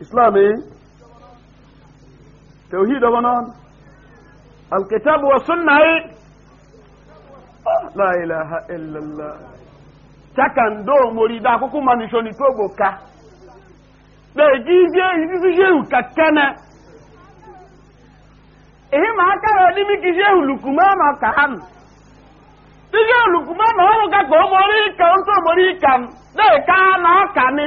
islam eh tauhid wannan alkitab wa sunna eh la ilaha illallah chakan do mori da kuku manisho ni tobo ka be jije izizi je ukakana ehi ma aka odi mi kije ulukuma ma ka han Ije olùkùnmọ́ náà wọ́n ká kò mọ́rí ìkà ń tó mọ́rí ìkà ń lè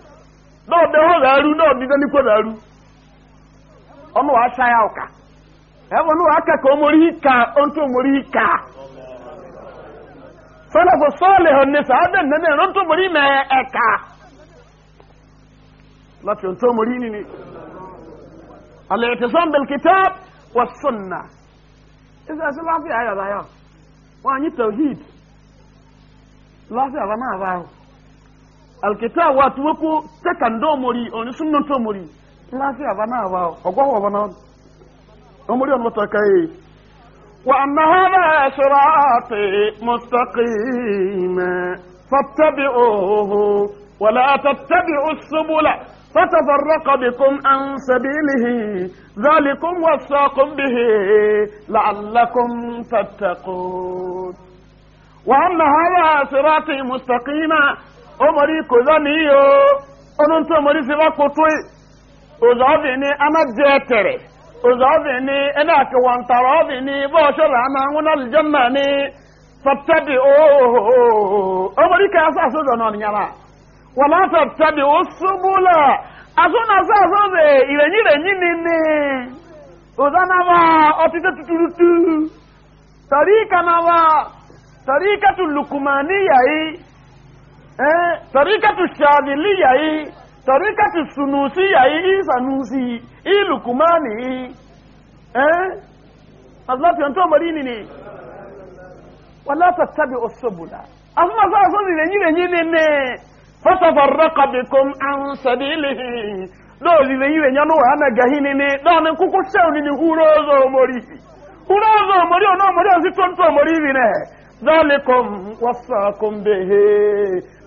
náà ọdẹ hó làárú náà ọdídé ní kó làárú ọmọ wa ṣáyà ọkà ẹwọn ní wàá kẹkọọ mórí ìka ọńtò mórí ìka sọlẹfọ sọọlẹ ọ̀nẹ sàádẹ nẹnẹ ọńtò mórí mẹ ẹka láti ọńtò mórí nìní alẹ ètò sọmbẹl kìtàb wà sọnà ẹsẹ alkitab watu wako sekando mori oni sunno to lafi abana wa ogwa abana omori on wata kai wa anna hadha sirati fattabi'uhu wa la tattabi'u subula فتفرق بكم عن سبيله ذلكم وصاكم به لعلكم تتقون وأن هذا صراطي مستقيما omori kò zọ́ni yìí o ọdún tó omori fi bá kó tó òzò ni anájẹ tẹ̀rẹ̀ òzò ọ̀bì ni ẹni ni bọ́ọ̀ṣọ́ làánà àwọn ọ̀lùjọ́ náà ni fọ́tẹ́bì ooo omori kẹ́ aṣọ àṣọjọ náà nìyàrá wọ́n máa fọ́tẹ́bì ó tọ̀ríkàtù ṣàdìlíyà yìí tọ̀ríkàtù sùnùsíyà yìí ìsànùsí ìlùkùmánì yìí azọ́fẹ́ tó mọ̀rí nìní wọ́n látà tàbí ọ̀ṣọ́bùlà afúnmọ́sọ́ àṣọ́bì rẹ̀ yìí rẹ̀ yìí ní fọ́sọ̀fọ̀ rọ́kọ̀bìkún àrùn sàdìlìhì lóòlì rẹ̀ yìí rẹ̀ yánú wà ánà gàhí nìní lọ́ọ̀ni kúkú sẹ́wọ̀n nìní húróòzò mọ̀rí húróòzò mọ̀rí ọ̀nà mọ̀rí ọ̀sí tó ń tó mọ̀rí rẹ̀ ذلكم وصاكم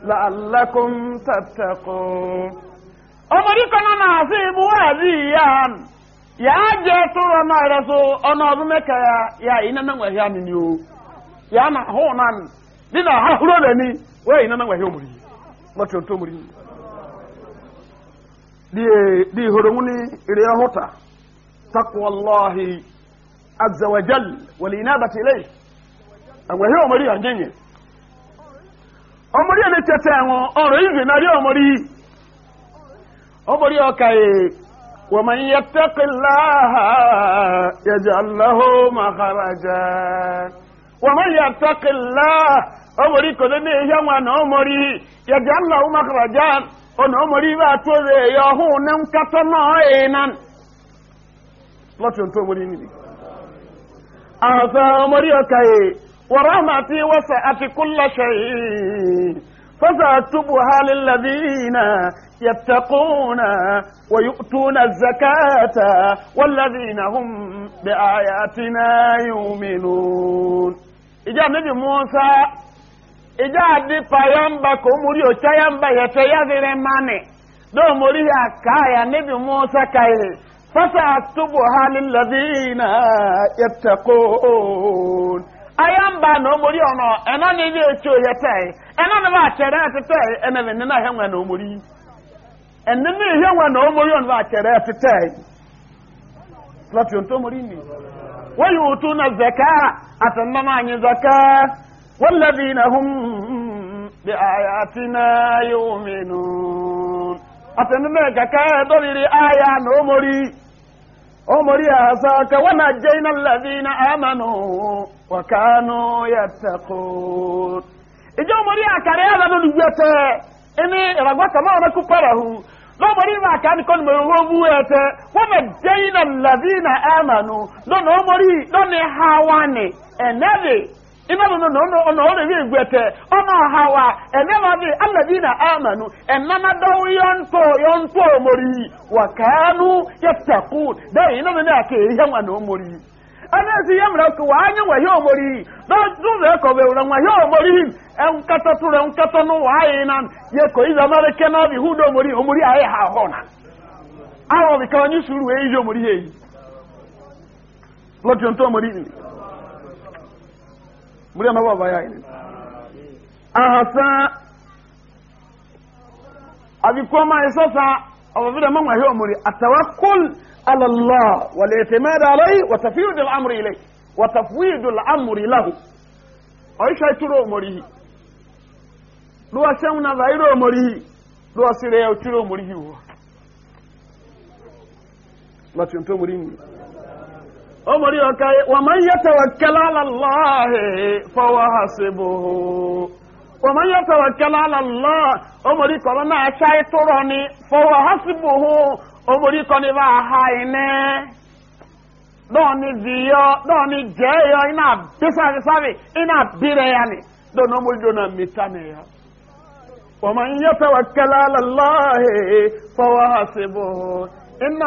لعلكم تتقون أمري كنا نعزيب وهذيان يا جاتو ما رسو أنا أظنك يا يا إنا نوهي عن يو يا أنا هونان لنا هرولني وإنا نوهي أمري ما تنتو أمري دي دي هرموني إلي هوتا تقوى الله عز وجل والإنابة إليه أمري أمري عن جنيه ọmọdé ẹni tẹtẹ ẹwọn ọrọ ìgbè náà rí ọmọdé yìí ọmọdé ọkà yìí wọ́n máa ń yẹ tẹ́kìlá yẹjọ aláhó máa wọ́n máa ń yẹ tẹ́kìlá ọmọdé kò ní ihe wọn náà ọmọdé yẹjọ aláhó máa ọ̀nà ọmọdé bá tó rẹ̀ yọ ọ̀hún ní nkátọ́ náà ẹ̀ nan. lọ́tí tó ọmọdé nìyí. àwọn ọmọdé ọkà yìí. ورحمتي وسعت كل شيء فسأكتبها للذين يتقون ويؤتون الزكاة والذين هم بآياتنا يؤمنون إجا نبي موسى إجا دي فيامبا كوموريو تيامبا يتيازر ماني دو موريا كايا نبي موسى كاي فسأكتبها للذين يتقون ayamba na omori ono ena ne ye etu ohe pe ena ebe ba na atete ena ne ne na he nwa na omori ena ne he nwa na omori ono ba chere atete lati onto omori ni wa yutuna zaka atamma ma anyi zaka والذين هم بآياتنا يؤمنون أتنمي كاكا دوري أمري عساك ونجينا الذين آمنوا وكانوا يتقون إجو مري أكاري هذا نجيته إني رغوة ما أنا كفره لو مري ما كان كل مروبوته ونجينا الذين آمنوا لو مري لو نهاواني إنبي ime bụ na ọnụ ọnụ ọrụ ihe igwete ọnụ ọha wa eme ma bi alabi na amanu enana dawo ya ntọ ya ntọ omori wa kanu ya taku da yi na mene ake ihe nwa na omori ana esi ya mra ko wa anya wa ihe omori do do ze ko be ura nwa ihe omori en kata tura en kata no wa na nan ye ko iza mare kena bi hu do omori omori ayi ha ho na awo bi ka onyi suru e ijo omori ye lọ́tí ọ̀tọ́ ọmọdé muri ama baba ya ile ahasa abikoma sasa abavida mambo hiyo muri atawakkul ala Allah wal i'timad alayhi wa tafwid al amri ilayhi wa tafwid al amri lahu aisha turo muri ruwa shauna zairo muri ruwa sire ya turo muri hiyo Latin to muri omori ọka wàmán yẹtẹwà kẹlálàláhì fọwọ́ hasibu wàmán yẹtẹwà kẹlálàlá omori kọrọ náà ṣáì tóró ni fọwọ́ hasibu omori ni bá a ha iná dọ́ọ̀ni ziyọ dọ́ọ̀ni jẹ́yọ iná bísàbísàbí iná bírẹ̀ yá ni na omori dọ́ọ̀nà mìta nìyà wàmán yẹtẹwà kẹlálàláhì fọwọ́ hasibu iná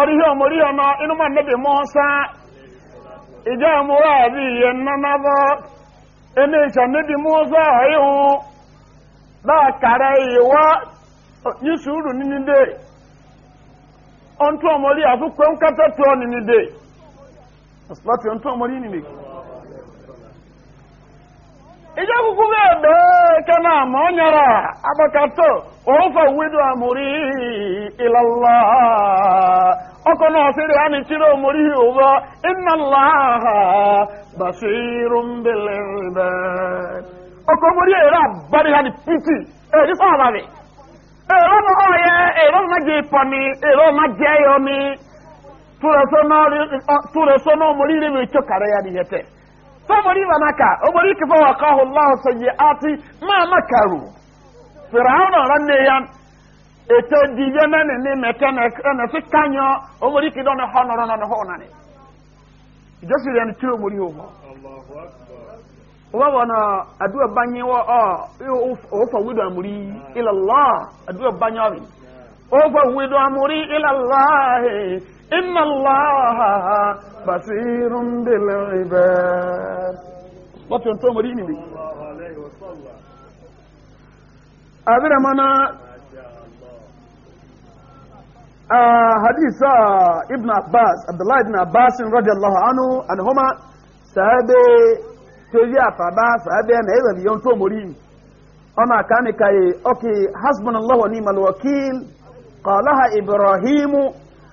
ọdịghị ihe ọmọ inú máa nẹ́bì mọ́ sá ìjọ àmúwà àbí iye nnánábọ́ ẹni ìṣọ̀ níbi mú sá ọ̀hún ịhụ na-akara ọ nínú dé ọ̀sùpátì ọ̀ntún ọmọdé ijekwukwu gị ebe kena ma ọ nyara agbakato ofe wedo amụri ilala ọkụ na ọsịrị a na-echiri omori ụgwọ inna laha basiru mbelebe ọkụ omori ere abari ha ni piti eri fọwari ero na ọya ero na gị pọni ero na gị ayọ ni tụrụ eso na omori ire bụ ịchọkara ya n'ihe tere fọmọdé ìbànàkà ọmọdé kìfọ wà kọ́ ọ̀hún lọ́wọ́ sọ̀yẹ àti máa má kàrò fìràwọn ọ̀rọ̀ ní ya ètò ìdíje mẹ́ni ní mẹ́tẹ́ ẹ̀nà sí kányọ́ ọmọdé kìdọ́ ní họ́ nọ́rọ́ náà ní họ́ náà ni ìjọsìn rẹ̀ ní tí ọmọdé yóò mọ́. wọ́n إن الله بصير بالعباد وفي أنتم مريني بي أبرا منا آه حديث ابن عباس عبد الله بن عباس رضي الله عنه أنهما سهبي تجي أفابا سهبي أن أيضا في أنتم مريني أنا كان كي أوكي حسبنا الله ونعم الوكيل قالها إبراهيم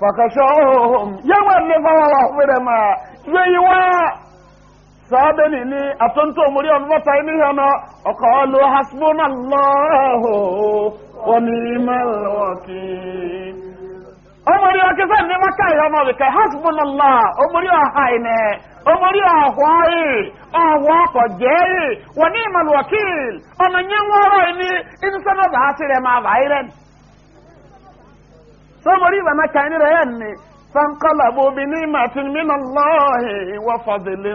fakashahum yawa ne ba wa hore ma yayiwa sabeni ni atonto ni hana aqalu hasbuna allah wa ni'mal wakeel omori akisa ni maka ya no ka hasbuna allah omori omori nye ni ma sọmọrí bàmá kàní rẹ yẹn ni fankalabu bi ní màtí mímọ lọ́ọ̀hì wọ́fọ̀dìlì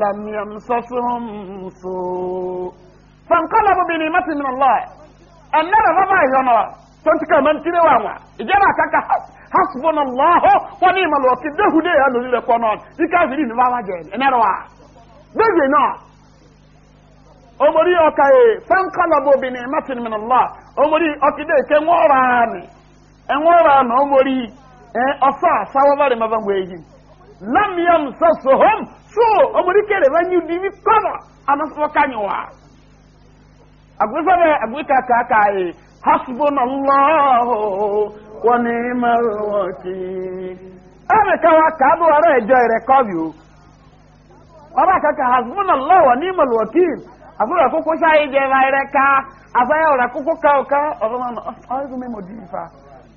làmìàm sọ́sọ́mùsọ́. fankalabu bi ní màtí mímọ lọ́ọ̀hì ẹnẹ́rẹ̀ bàbá ìyọ̀nà tó ń ti kàmá ti rẹwà wọn ìjẹ́bà kàkà hasbun allahu wọn ní ìmọ̀lẹ̀ ọ̀kì déhùdé yà lórí rẹ̀ kọ́nà ní káfíìrì ní bàbá jẹ ẹnẹ́rẹ̀ wa. bẹ́ẹ̀ náà bi enwera na omori e, ọfa sawabari mabangweji lam yam sasohom so omori kere banyu dibi kọba anasọ kanyiwa agwesabe agweka kaka e hasbuna allahu wa ni'mal wakil ana e, kawa kadu ara ejo ire kobi o ọba kaka wa ka afaya ọrụ koko ka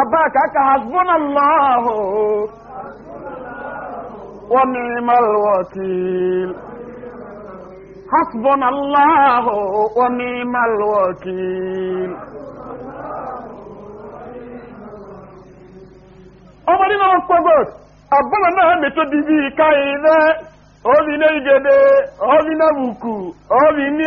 أباك أكا حسبنا الله ونعم الوكيل حسبنا الله ونعم الوكيل ọmọdé náà wọ́n pọ́gọ́t àbọ́lọ̀ náà mẹ́tọ́ dìbí káyé rẹ̀ ọ́bí ní ìgẹ̀dẹ̀ ọ́bí náà bùkù ọ́bí ní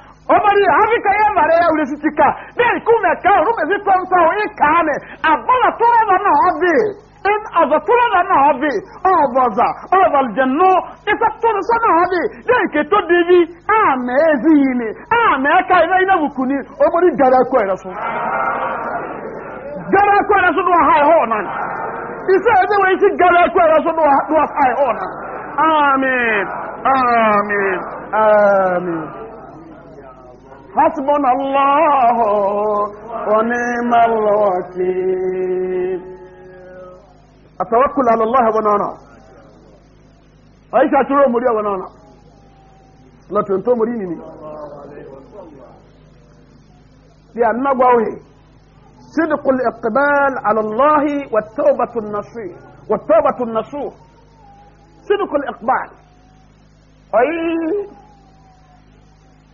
omari afrika yɛ mare yɛ wuli sisi ka bɛn kumɛ ka olu mɛ fi tɔn tɔn i kan mɛ a bɔra tora la na ɔbi ɔbɔ tora la na ɔbi ɔbɔza ɔbɔlijɛnu isa tora sɔ na ɔbi bɛn keto dibi a mɛ ezi yi mi a mɛ ka yi na bukuni omari gara kɔ yɛrɛ so gara kɔ yɛrɛ so do aha yi hɔ nan isa yɛ bɛ wɔ isi gara kɔ yɛrɛ so do aha yi hɔ nan amen amen amen. حسبنا الله ونعم الوكيل التوكل على الله ونانا عيشة ترى مريا ونانا لا تنتو مريني لأن قوي صدق الإقبال على الله والتوبة النصيح والتوبة النصوح صدق الإقبال أي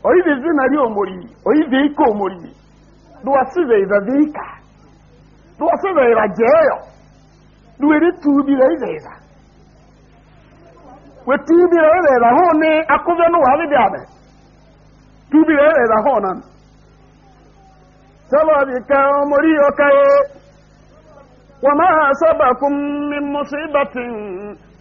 oyize zinari omori oyize ike omori duwasizeiza zika duwasizeira jeyo duwere tuubira izeiza we tuubira ezeiza hone akuze nuwabi byabe tuubira ezeiza honan sababika omori okaye وما أصابكم من مصيبة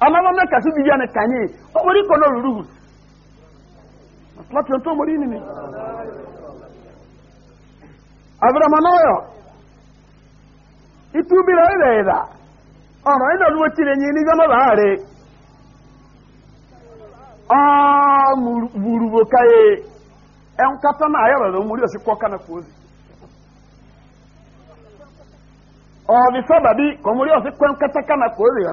ama ba mɛka so biribi a ne kanye ɔmɔde kɔ no ruruhu masalatu nto ɔmɔde nini abirama n'oyɔ itu bi na ɔyɛ ɛyɛ ɔnà ɛyɛ ɔnu wɔkyerɛ nyi ni gbɛmɔ baare ɔɔ burubo kaye ɛnkata na ayɛ ɔlɔdɔ ɔmɔde ɔsi kɔ kana koosi ɔɔbi sábàbí kɔmɔde ɔsi kɔ ɛnkata kana koosi yɛ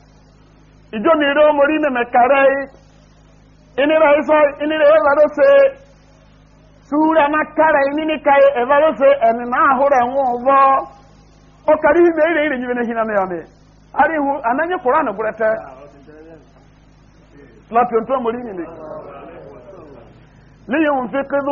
ìjọ ni eré ọmọ orí mẹ̀mẹ̀ kàrẹ́ ìnira ẹ̀sọ́ ìnira ẹ̀fà ló ṣe ṣúra má kàrẹ́ ìnini kàrẹ́ ẹ̀fà ló ṣe ẹ̀mí máa hó rẹ̀ ń wọ́ ọ kàrí ìmẹ̀ ìrẹ̀ ìrẹ̀ yìí nìyí nàmì ọ̀mì àríwú ànáyé kúrò àná gbúrẹ́ tẹ́ láti ọ̀tún ọmọ orí nìyí. ليهم في قدو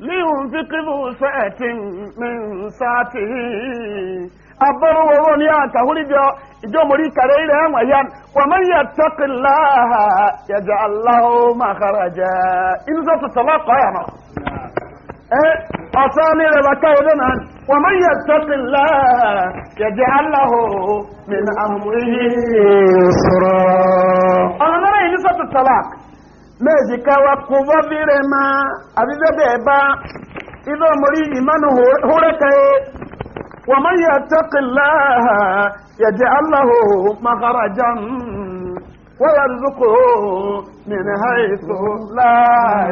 لينفق ذو سعة من سعته abọ́rọ̀ wọ́rọ̀ ní àkàhúrí jọ ìjọ mọ̀rí kàrẹ́ ilẹ̀ ẹ̀wọ̀n yá wà mọ́ yẹ tọ́kìlá yẹjọ aláwọ̀ máa kára jẹ́ inú sọ́tù tọ́lá kọ́ yà mọ́. ọ̀sán ní rẹ̀ bá káyọ̀ lónà wà mọ́ yẹ tọ́kìlá yẹjọ aláwọ̀ min amúrí sọ̀rọ̀. ọ̀nà náírà inú sọ́tù tọ́lá kọ́ mezi kawa kuva virema abibebeba ido muri imanu hurekaye ومن يتق الله يجعل له مخرجا ويرزقه من حيث لا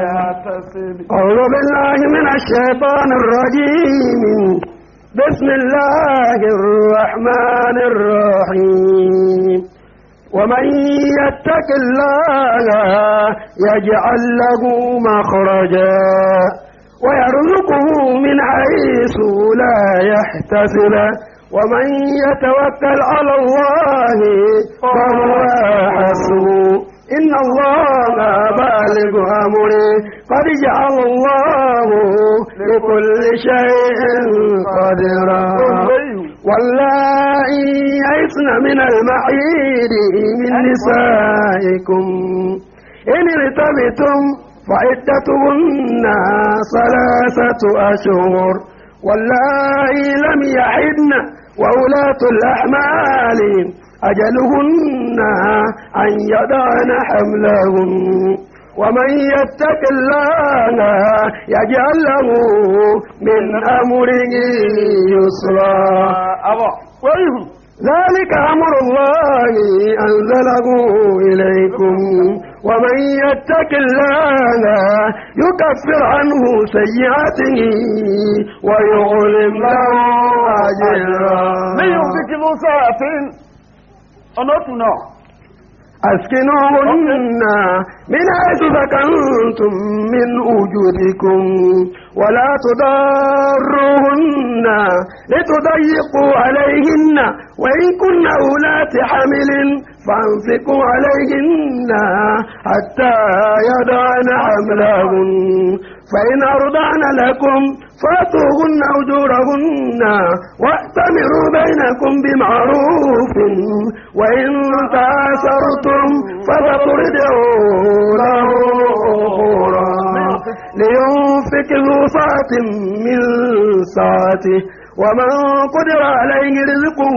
يحتسب أعوذ بالله من الشيطان الرجيم بسم الله الرحمن الرحيم ومن يتق الله يجعل له مخرجا ويرزقه من حيث لا يحتسب ومن يتوكل على الله فهو حسبه إن الله بالغ أمره قد جعل الله لكل شيء قدرا واللائي يئسن من المحيض من أيوة. نسائكم إن ارتبتم فعدتهن ثلاثة أشهر واللائي لم يعدن وولاة الأحمال أجلهن أن يضعن حملهن ومن يتق الله يجعل له من أمره يسرا ذلك أمر الله أنزله إليكم ومن يتق الله يكفر عنه سيئاته ويعلم له أجرا من يمسك موسى فين؟ أنا أسكنوهن من حيث سكنتم من وجودكم ولا تضاروهن لتضيقوا عليهن وإن كن أولات حمل فأنفقوا عليهن حتى يدعن حملهن فإن أرضعن لكم فاتوهن أجورهن وأتمروا بينكم بمعروف وإن تأثرتم فتطردوا له أخرى لينفك ذو من ساعته ومن قدر عليه رزقه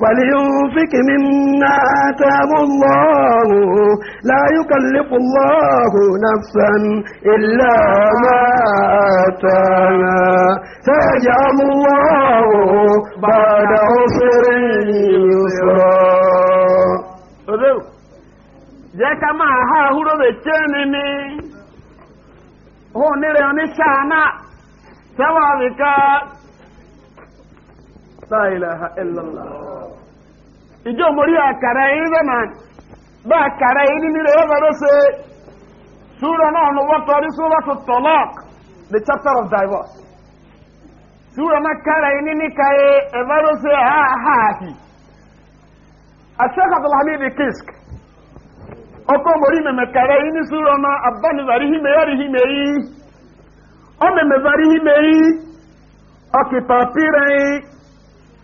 فلينفك مما آتاه الله لا يكلف الله نفسا إلا ما آتاها سيجعل الله بعد عسر يسرا jẹ́ ká máa ha ahúrò lè tẹ́ ni ni òun nílẹ̀ oníṣàánà sẹ́wọ̀n àbíká láìláha ẹlọ́lá ìjọ mórí àkàrà yìí bẹ́mà bá àkàrà yìí nínú rẹ̀ wọ́n ló the chapter of divorce ṣúra náà kàrà yìí ha kàyé ẹ̀fọ́ ha abdulhamid kisk ọkọ̀ mórí mẹ̀mẹ̀ kàrà yìí ní ṣúra náà abánibàrí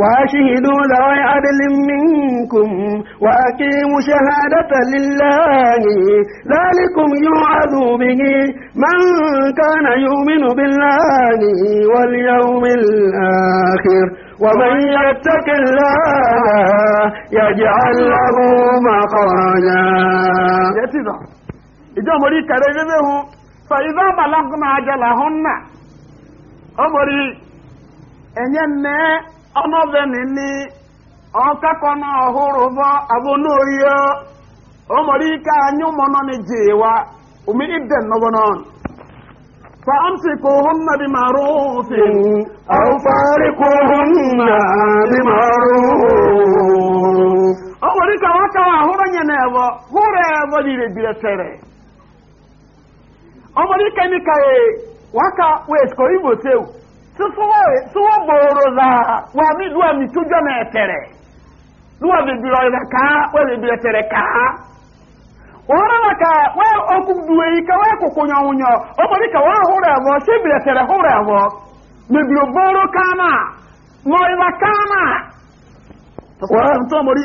وأشهدوا ذوي عدل منكم وأقيموا شهادة لله ذلكم يوعظ به من كان يؤمن بالله واليوم الآخر ومن يتق الله يجعل له مخرجا إذا مريك رجله فإذا بلغنا أجلهن أمري أن ينمي ọmọbìnrin ní ọ̀kẹ́kọ̀ọ́ náà ọ̀húrú bọ́ ọhụrụ ọmọdé ká anyúmọ̀ náà omi ìdẹ̀ nọ́bọ̀ náà. فأمسكوهن بمعروف أو فارقوهن بمعروف أولي كواكا وهورا ينابا هورا يبالي ربيا سيري أولي كنكاي waka wee sikọrọ sụwọ bụrụ za wa mi duwa ka wa bi biro etere ka ora na ka wa oku duwe yi ka wa koko nyo nyo o bori ka wa hore avo se bi etere hore avo mi biro boro kana mo ila kana wa nto mori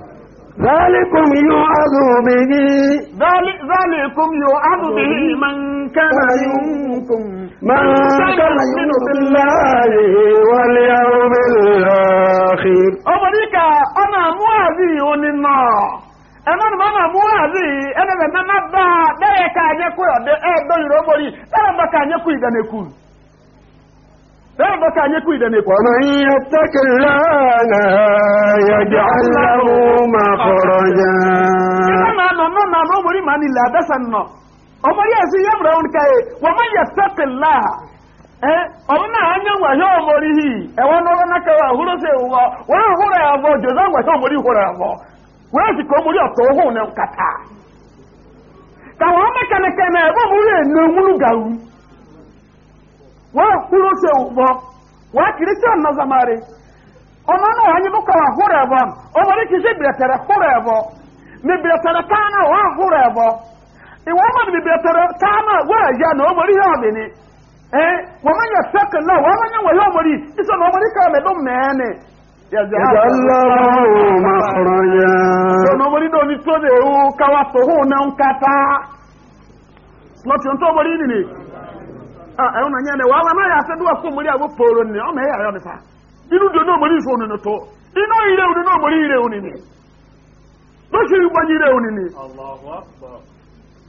ذلكم يوعظ به ذلكم يوعظ به من كان منكم من كان يؤمن بالله واليوم الآخر أولئك أنا مؤذي وننا ẹnu ni mama muhazi ẹnu ni mama ba bẹẹ ka anyeku ọdẹ ẹ dọyìn ọmọ yìí ẹnu ni mama ka anyeku ìdánikù. lẹ́yìn bọ́ ká yé kú ìdẹ̀ ní ìpọ̀. ọmọ yìí ọ̀tẹ́kì lánà yọjọ́ aláwọ̀ máa kọ̀rọ̀ yá. ìgbà máa nọ náà náà lọ́wọ́ orí màá ní ilẹ̀ àdẹ́sẹ̀ nọ. ọmọ yẹn sì yẹ bùrọ̀ nǹkan yìí ya mọ̀ yẹ tẹ́kì lá. ẹ ọmọ náà á nyẹ́ wàhẹ́ ọmọrí yìí ẹ̀wọ́n náà náà kẹwàá àhúrò sí ìwọ wọ́n húrò àbọ̀ jòzó wàhẹ́ ọmọrí húrò àbọ̀ wọ́n wahuro se bo wakirisa nazamare omana wanyibuka wahura bo omarikize biratara hura bo mibiratara kana wahura bo iwoma mibiratara kana waya na omari yabini eh wamanya saka na wamanya wayo omari iso na omari ka medo mene yajalla ni na nkata A ọ̀nà yẹn ni wàá wà má yà sẹ́ níwà fún mọ́lẹ́ àwọn pòrò ni ya ẹ̀yà yọ̀ nípa inú dùn náà mọ́lẹ́ ìfọ̀ ònìní tó iná ìrẹ́ ònìní náà mọ́lẹ́ ìrẹ́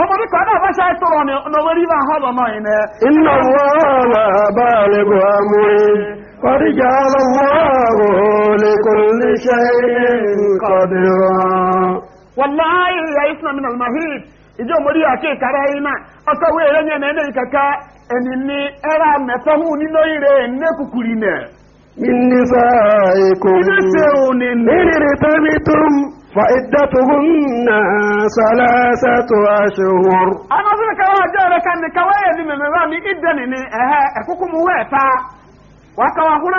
ọmọ mi kọ́dọ̀ bá ṣe tọrọ ní ọ̀nàwẹ́rí bá hàbọ̀ náà yìí iná wọ́ọ̀lá bá lè bọ̀ àmúrí kọ́díjà lọ́wọ́ lè kò lè ṣe فعدتهن ثلاثة أشهر أنا واجهة كان من أكوكم ويتا wa mo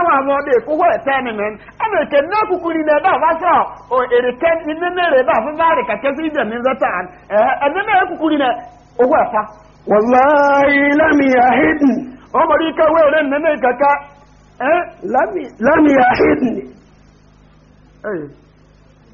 na kukuri na ba ba so o eriten ni ne re ba fa ba re ka ke si de ni zata an eh ana na kukuri na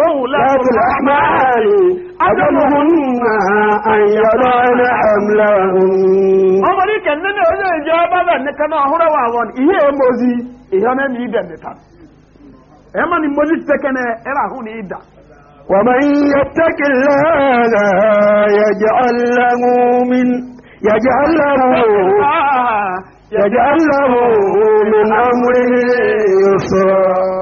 وولاة الأحمال أجلهن أن يضعن حملهن أما ليك أنني أجل إجابة أنك أنا أهرى وأهوان إيه أموزي إيه أنا نيدا نتان أما نموزي تكنا إرى هون إيدا ومن يتق الله يجعل له من يجعل له يجعل له من أمره يسرا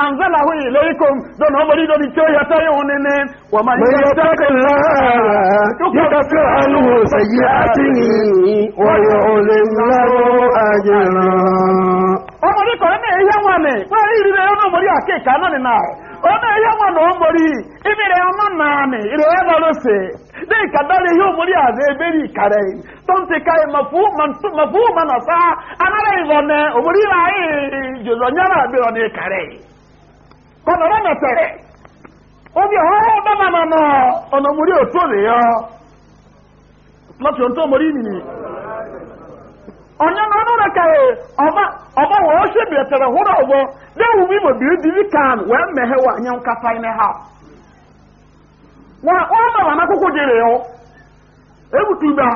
أنزله إليكم دون هم ريدوا لتوية تيونين ومن يتق الله يكفر عنه سيئاته ويعلم له أجرا ọmọ ní kọ̀rọ̀ náà ẹ̀yẹ́ wọn ni wọ́n rí ìrìnlẹ̀ ọmọ mọ̀rí àkẹ́kà náà nìna ọmọ ẹ̀yẹ́ wọn náà mọ̀rí ìbẹ̀rẹ̀ ọmọ náà ni ló ṣe ní yóò mọ̀rí ìkàrẹ̀ tó ń ti ká sá anára òmùrí kọ́nà ọ̀rọ̀ ọ obi ọrụ ọba na nọ ọ̀nà mórí òtó lè yọ lọ́tí ohun tó mórí nìyí ọ̀nyẹ́ náà lọ́rọ̀ kàrẹ̀ ọba wọ́n ṣe bìrẹ̀ tẹ̀rẹ̀ húrọ̀ ọ̀bọ léwu mímọ̀ bìrì dìbí kan wẹ́n mehe wà nkata nkapa ha wọn akókò gba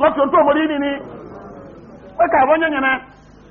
ohun tó nìyí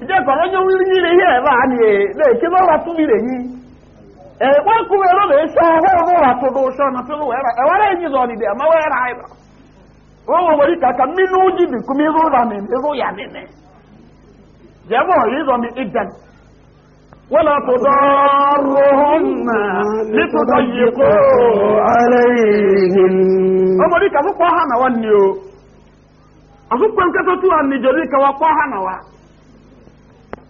Ndị kọ̀rọ̀ onye wí yí ihe ebe a na e, na fílù ẹ̀rọ ẹ̀wọ́ rẹ̀ yìí zọ nìdẹ̀ ẹ̀mọ́ wẹ́ ra ẹ̀rọ wọ́n wọ̀ wọ̀rí kàkà mínú jì bì kú mi rú ra mi mi rú yà mí mi jẹ́mọ̀ yìí zọ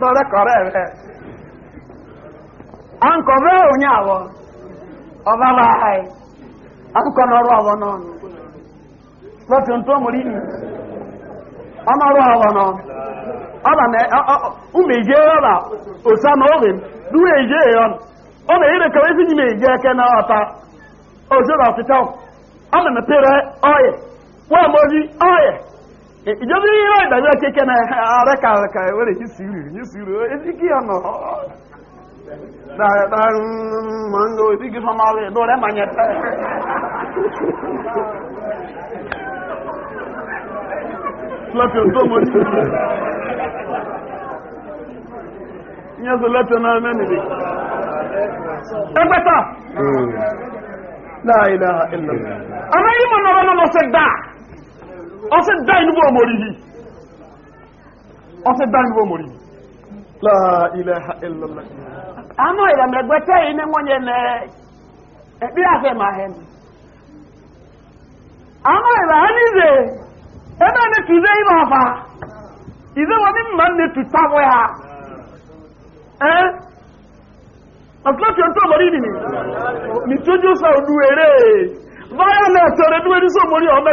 tọ́rẹ kọ̀rẹ́ ebe a ń kọ̀wé òun yà wọ ọba n'ọrụ ọrụ ọwọ náà ọba na ụmụ eji ọba osa e ọ na ire na ọta ozi ọba ọtịta ọ na mepere ọyị wa ìjọba yìí rọ ìdájọ́ kéèké náà ààrẹ kààkà ìwọ́n èyí sùúrù yìí sùúrù èyí kí ọ̀nà dáadáa mọ̀ ń lo ìdígi fọmọ rẹ̀ ìdó rẹ̀ mà ń yẹ tẹ́. ìlú. ìyẹn sọ ọsẹ dá inú bọ́ mọ̀rí yìí ọsẹ dá inú bọ́ mọ̀rí yìí láàílẹ̀ ilẹ̀lẹ̀ àmọ́ ìrẹ̀mẹ̀gbẹ́tẹ́ yìí ní wọ́n yẹ mẹ́ ẹ̀bí àfẹ́ máa hẹ́ mi àmọ́ na ẹgbẹ́ ní tùzé ìmọ̀ ọ̀fà ìzé wọn ní mọ̀ ní ya na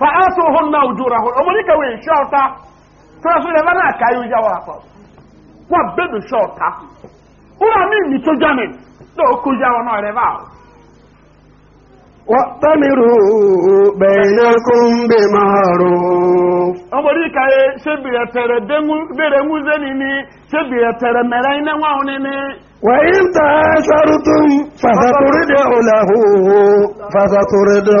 fa'asu hunna ujurahun o mori kawe shorta so so ka yu ja wa ko ko be be shorta o wa no re ba o wa tamiru bainakum bi maru o mori kawe se bi e tere demu be re muze ni ni se bi e mere ni wa hun ni wa in ta'asharutum fa saturidu lahu fa saturidu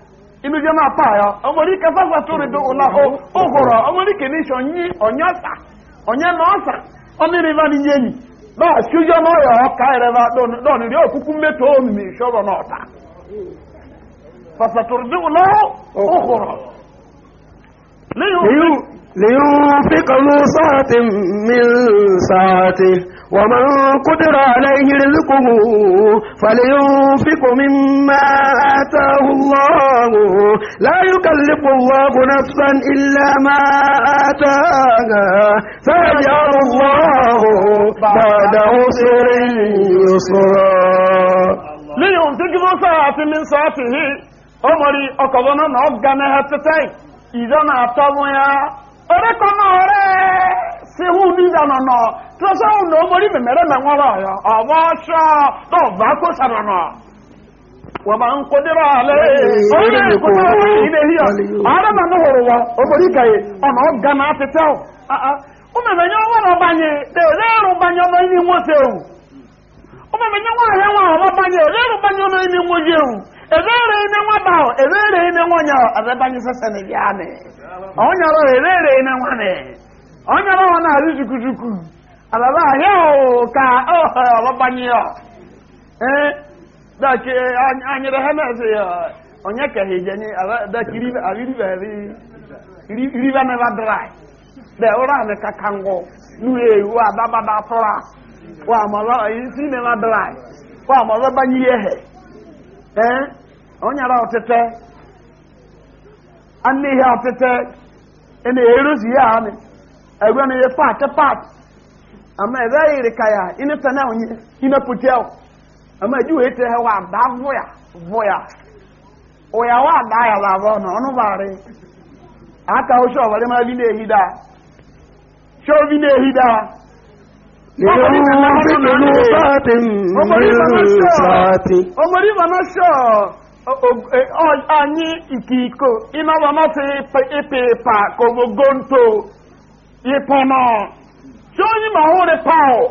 inú jẹ́ máa ya àyọ ọmọ orí dị ụlọ rí dùn Ụhụrụ ọgọ̀rọ̀ ọmọ orí kìíní ṣe ọ̀yìn ọ̀yìn ọ̀sà ọ̀yìn ẹ̀mọ ọ̀sà ọmọ ìrìn bá ní yé yìí bá ṣújọ́ omi ìṣọ́rọ̀ náà ta ومن قدر عليه رزقه فلينفق مما آتاه الله لا يكلف الله نفسا إلا ما آتاها فيجعل الله بعد عسر يسرا لينفق ساعة من ساعته أمري أقضنا نعجنها تتاي إذا نعطبها أركنا أريد sehu n'iza nọ nọ tụrọsọ ahụ na nọ nọ wọ́n nkó dérò alẹ́ ọ̀rẹ́ na na nwa ọrụ banye dèrè ọrụ banye ọmọ ihe nwoke ewu ụmụmụ nye nwa ahịa nwa ọrụ banye dèrè ọrụ banye ọmọ ihe ebere nwa ebere nwa abe banyi sese ebere onye ọ na-arị chukwuchukwu alaba ahịa o ka ọgbanye ya ee dọkị anyere ha na-asị ya onye ka ha ejenye dọkị riba neva dry de ụra ahụ ka ka ngwụ nuru ewu adabada fụra isi neva dry wa amọrọ banye ihe ee onye ara ọtịtị anụ ihe ọtịtị ị e na-erozi ya anyị ẹ̀rọ ni yẹ pààtẹ́ pààtẹ́ àmọ́ ẹ̀rẹ́ yìí ka yà iná tẹ̀lé ọ̀nyẹ iná pùtẹ́ ọ̀ àmọ́ ẹ̀jú wòye tẹ̀ wà dá vọ́yà vọ́yà òyà wà dá yà bà bọ̀ nà ọ̀nù bà rí àkà ó sọ̀ wọlé máa bí ní èyí sọ na sọ ọ anyị ìpọ̀nà tí so yí ma ó rí pa ọ̀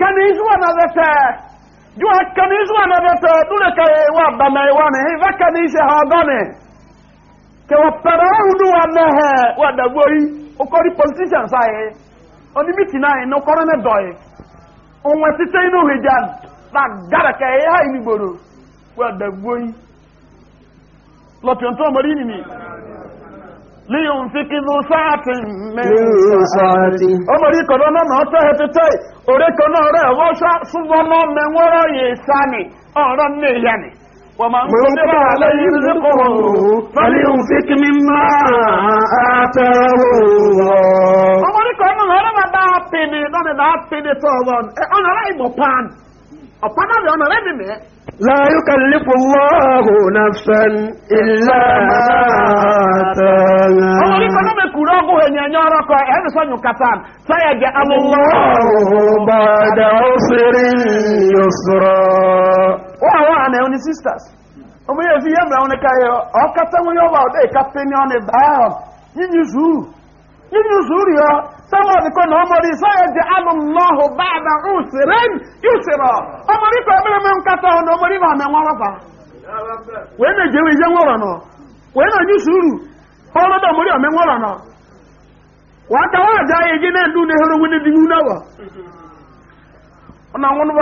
kanizu anadẹ́tẹ́ ju kanizu ka ha ọ̀dọ́ ni kẹwà pẹ̀rẹ̀ ọ̀hún ní wà mẹ́hẹ̀ wà dàgbò yìí ọkọ̀rí politicians ayé ọdí bí tì ha imigboro wà dàgbò yìí lọ́tìọ̀ntọ́ ọmọdé liyun fiki mu saati min saati. omori kodo na na ọtọ hetete ore kodo rẹ wọṣọ sunbọ na mẹwọrọ yẹ sani ọrọ ne yanni. ومن قدر عليه رزقه فلينفق مما آتاه الله. ọmọdé kan náà ọ̀rẹ́ bá dáa pinni lọ́nà dáa pinni tó ọ̀rọ̀ ọ̀nà aláìmọ̀ pan ọ̀pọ̀dọ̀ lọ́nà rẹ̀ nìmẹ́. láyé kàlífù lọ́hùn nàfẹ́n ilẹ̀ àtẹ̀yẹ. ọmọ orí kọ́nọ́ mi kúrò ọgùn ẹ̀yìn ẹ̀yìn ọ̀rọ̀ kọ ẹ̀ ní sọ́yìn kàtà sáyà jẹ́ alùlọ́hùn bàdà òṣèré yòsùrọ̀. wọ́n àwọn àna ẹni sisters ọmọ yẹn fi yẹ́mìíràn wọn ká yẹ ọ̀kátẹ́wọ́n yọ̀wọ̀ ọ̀dẹ́ ìkápẹ́ ní ọ̀nà nínú sùúrù yọ sọ́wọ́ mi kọ́ ní ọmọdé sọ́yẹ́ di alùmọ́hù báàbà ọ̀sẹ̀rẹ́ ìṣẹ̀rọ̀ ọmọdé kọ́ ẹgbẹ́rẹ́ mi ń kátà ọmọdé bá mẹ́wọ́n rọ́pà wẹ́n náà jẹ́wé iṣẹ́ wọ́rọ̀ nà na náà ní sùúrù ọlọ́dọ̀ ọmọdé ọ̀mẹ́ wọ́rọ̀ nà wà á àjà náà dún ní náà àwọn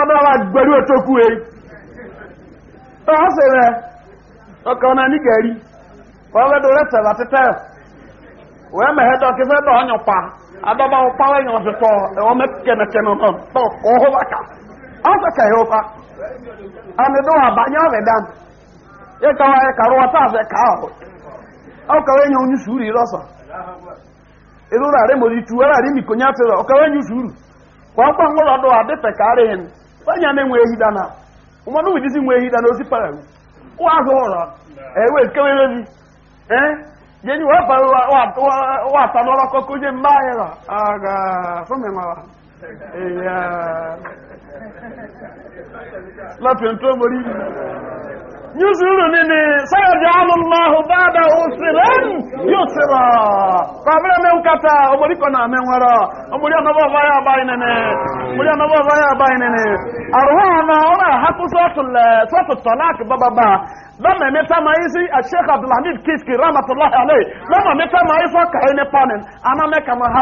ọmọdé wa wee mehe dọ kịsị dọ ọnyụ pa adọba ụkpawa enyi ọsịsọ ome kenekene nọ dọ ka ọhụ baka ọ ka ya ụka abanye ọrịa ka ahụ ọ kawa enyi onye suru iri ọsọ ịrụ kwa mkpa ka onye na-enwe ehi dana ụmụnụ wụ dịzi ehi dana osi parawu ụwa azụ ụrọ e yẹni wọ́n bá wà tánú ọlọ́kọ́ kó yé mbá yẹn lọ àgà fún mi wọn èyà láti ntọ́ mọ́rí yusuf nínú bàbá mi ń kata ọmọdé kan náà mẹ́wọ́rọ́ ọmọdé ọ̀nà bọ́ọ̀ báyà báyìí nìní ọmọdé ọ̀nà bọ́ọ̀ báyà báyìí nìní. àrùn àná ọ̀nà àhàkú sọ́ọ̀tù tọ́láàkì bábàbà lọ́mọ̀ mi tá máa yí sí sheikh abdulhamid kiski rahmatulahi alayhi lọ́mọ̀ mi tá máa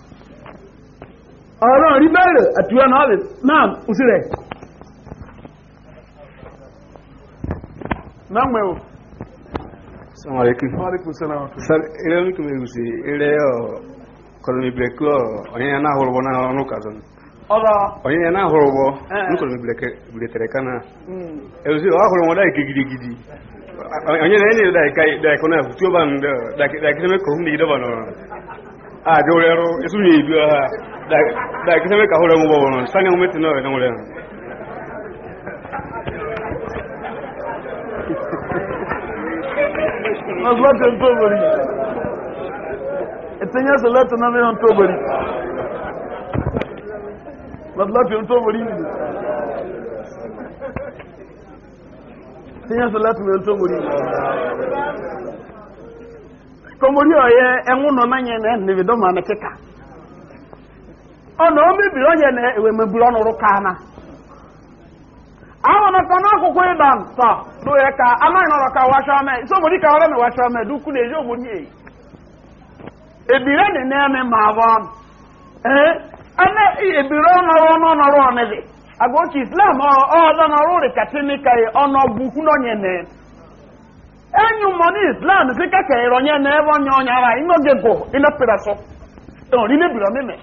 ọ̀rọ̀ rí bẹ̀rẹ̀ àtúwẹ́ náà lè máa ń sí rẹ̀ náà mẹ́wọ̀ na ilẹ̀ oníkùn mẹ́gùsì ilẹ̀ kọlọmìbìlẹ̀kù ọ̀yẹ́yẹ náà hùrùbọ̀ náà ọ̀nù kàzọ́n ọ̀yẹ́yẹ náà hùrùbọ̀ ní kọlọmìbìlẹ̀kẹ̀rẹ̀ kanáà ẹ̀rùsí wà hùrùn wọn ike gidigidi ọ̀yẹ́yẹ náà ní ìdáìkọ́ náà tí ó bá ń a da wurero isu ne biyu ha da kisa mai kahura mu babu sani mu mutu nawa idan wurero masalatan tobari itin e ya salatu na mai tobari masalatan um tobari ne itin ya salatu mai tobari tomori ọyẹ ẹnwụ nọ n'anya na ẹnìbi dọm anị kịka ọ na o mebiri na ewe mebiri ọnụrụ kaana na ahụ nọkọ n'akwụkwọ ịba nta do ka anaghị nọrọ ka wachọ mee isi omori ka ọrụ na wachọ mee duku na eji omori ebiri ebire na na-eme ma abụọ ee ana ebire ọnọrọ ọnọrọ ọnịdị agwa oche islam ọ ọzọ nọrọ ụrị katịnị ka ọnọgbu kwụ n'onye na-eme ẹ̀yìn mọ̀ní islam sí kẹ́kẹ́ ìrọ̀yẹ́ na ẹwọ́ ní ọ̀nyà ara iná gẹ̀gọ̀ iná pèrè sọ ẹ̀hùn nwere bìrọ̀ mímẹ̀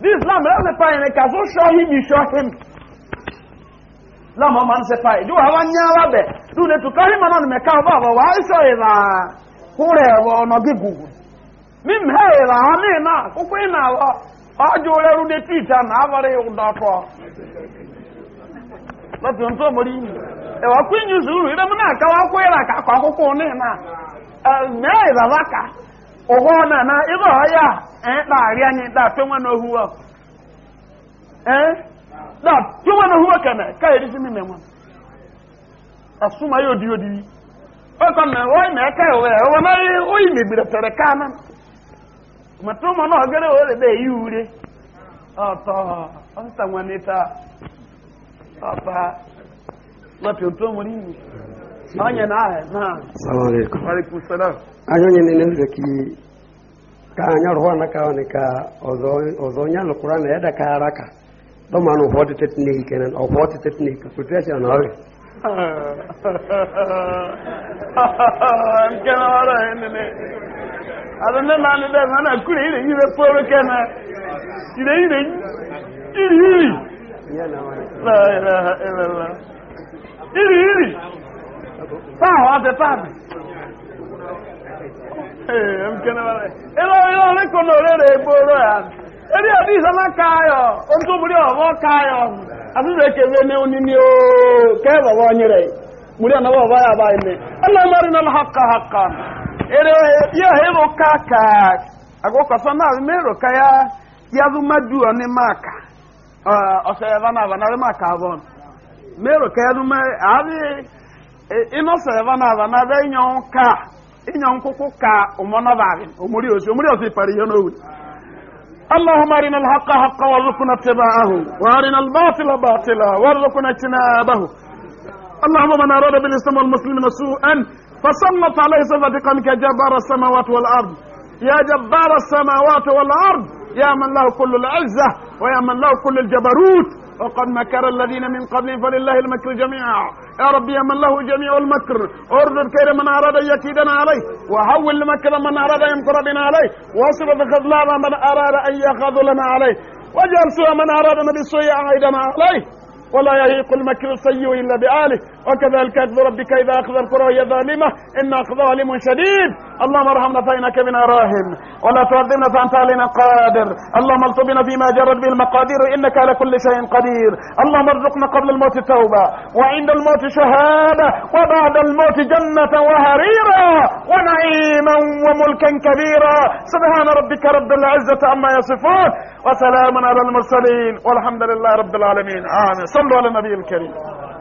bí islam rẹ̀ ṣe pa ìrìn kàzó ṣọ́hí mi ṣọ́hí mi lámọ̀ máa ń ṣe pa ìdí wàá wá ní ara ewa eh, kwinyi uru ire muna ịra eh, eh, ka akwa akwụkwọ na mee ka na na da na da na kene ka eri mime asuma ya na oyi na eka ewe ya ọwa na oyi na ọgara ohere da eyi ure ọtọ ọsịsa lọ́pẹ̀ tó mú nínú ọ̀yẹ̀ náà ẹ̀ náà. salamaleykum. maaleykum ni nende ki ka anya roho anaka onika ozo ozo na yada ka haraka don ma no forty thirty ne kenan o forty thirty ne ka kutu ya na ore kana wara ne ne ada ne na ne da na kure ire ire poro kana ire ire ire ire na wara la iri iri fáwọn adẹ́fáàmì ìlọ oríkò náà rẹ̀rẹ̀ ìgboro ẹ̀ eré ẹ̀dí ìsọ́lá káyọ̀ ohun tó múrí ọ̀wọ́ káyọ̀ àtúnṣe ní oní ní o kẹ́ẹ̀bọ̀wọ́ ọyìn rẹ̀ múrí ọ̀nàwọ̀ yà báyìí ní ọlọ́mọrin náà haka haka eré yóò hẹ́rọ káàkà náà rí káyà yàrá náà mero ka yadu me e, ino seba na ba na nyon ka inyon kuku ka umono ba umuri osi umuri osi pari yo no اللهم ارنا الحق حقا وارزقنا اتباعه وارنا الباطل باطلا وارزقنا اجتنابه اللهم من اراد بالاسلام والمسلمين سوءا فسلط عليه سلطة قمك جبار السماوات والارض يا جبار السماوات والارض يا من له كل العزه ويا من له كل الجبروت وقد مكر الذين من قبل فلله المكر جميعا يا رب يا من له جميع المكر ارذل كير من اراد ان يكيدنا عليه وهول مكر من اراد ان يمكر بنا عليه واصب بخذلان من اراد ان يخذلنا عليه واجعل سوء من اراد ان بالسوء عائدنا عليه ولا يهيق المكر السيء إلا بآله وكذلك أخذ ربك إذا أخذ القرى وهي ظالمة إن أخذها ظالم شديد اللهم ارحمنا فإنك بنا راهن ولا تعذبنا فأنت علينا قادر اللهم التبنا فيما جرت به المقادير إنك على كل شيء قدير اللهم ارزقنا قبل الموت توبة وعند الموت شهادة وبعد الموت جنة وهريرا ونعيما وملكا كبيرا سبحان ربك رب العزة عما يصفون وسلام على المرسلين والحمد لله رب العالمين آمين صلوا على النبي الكريم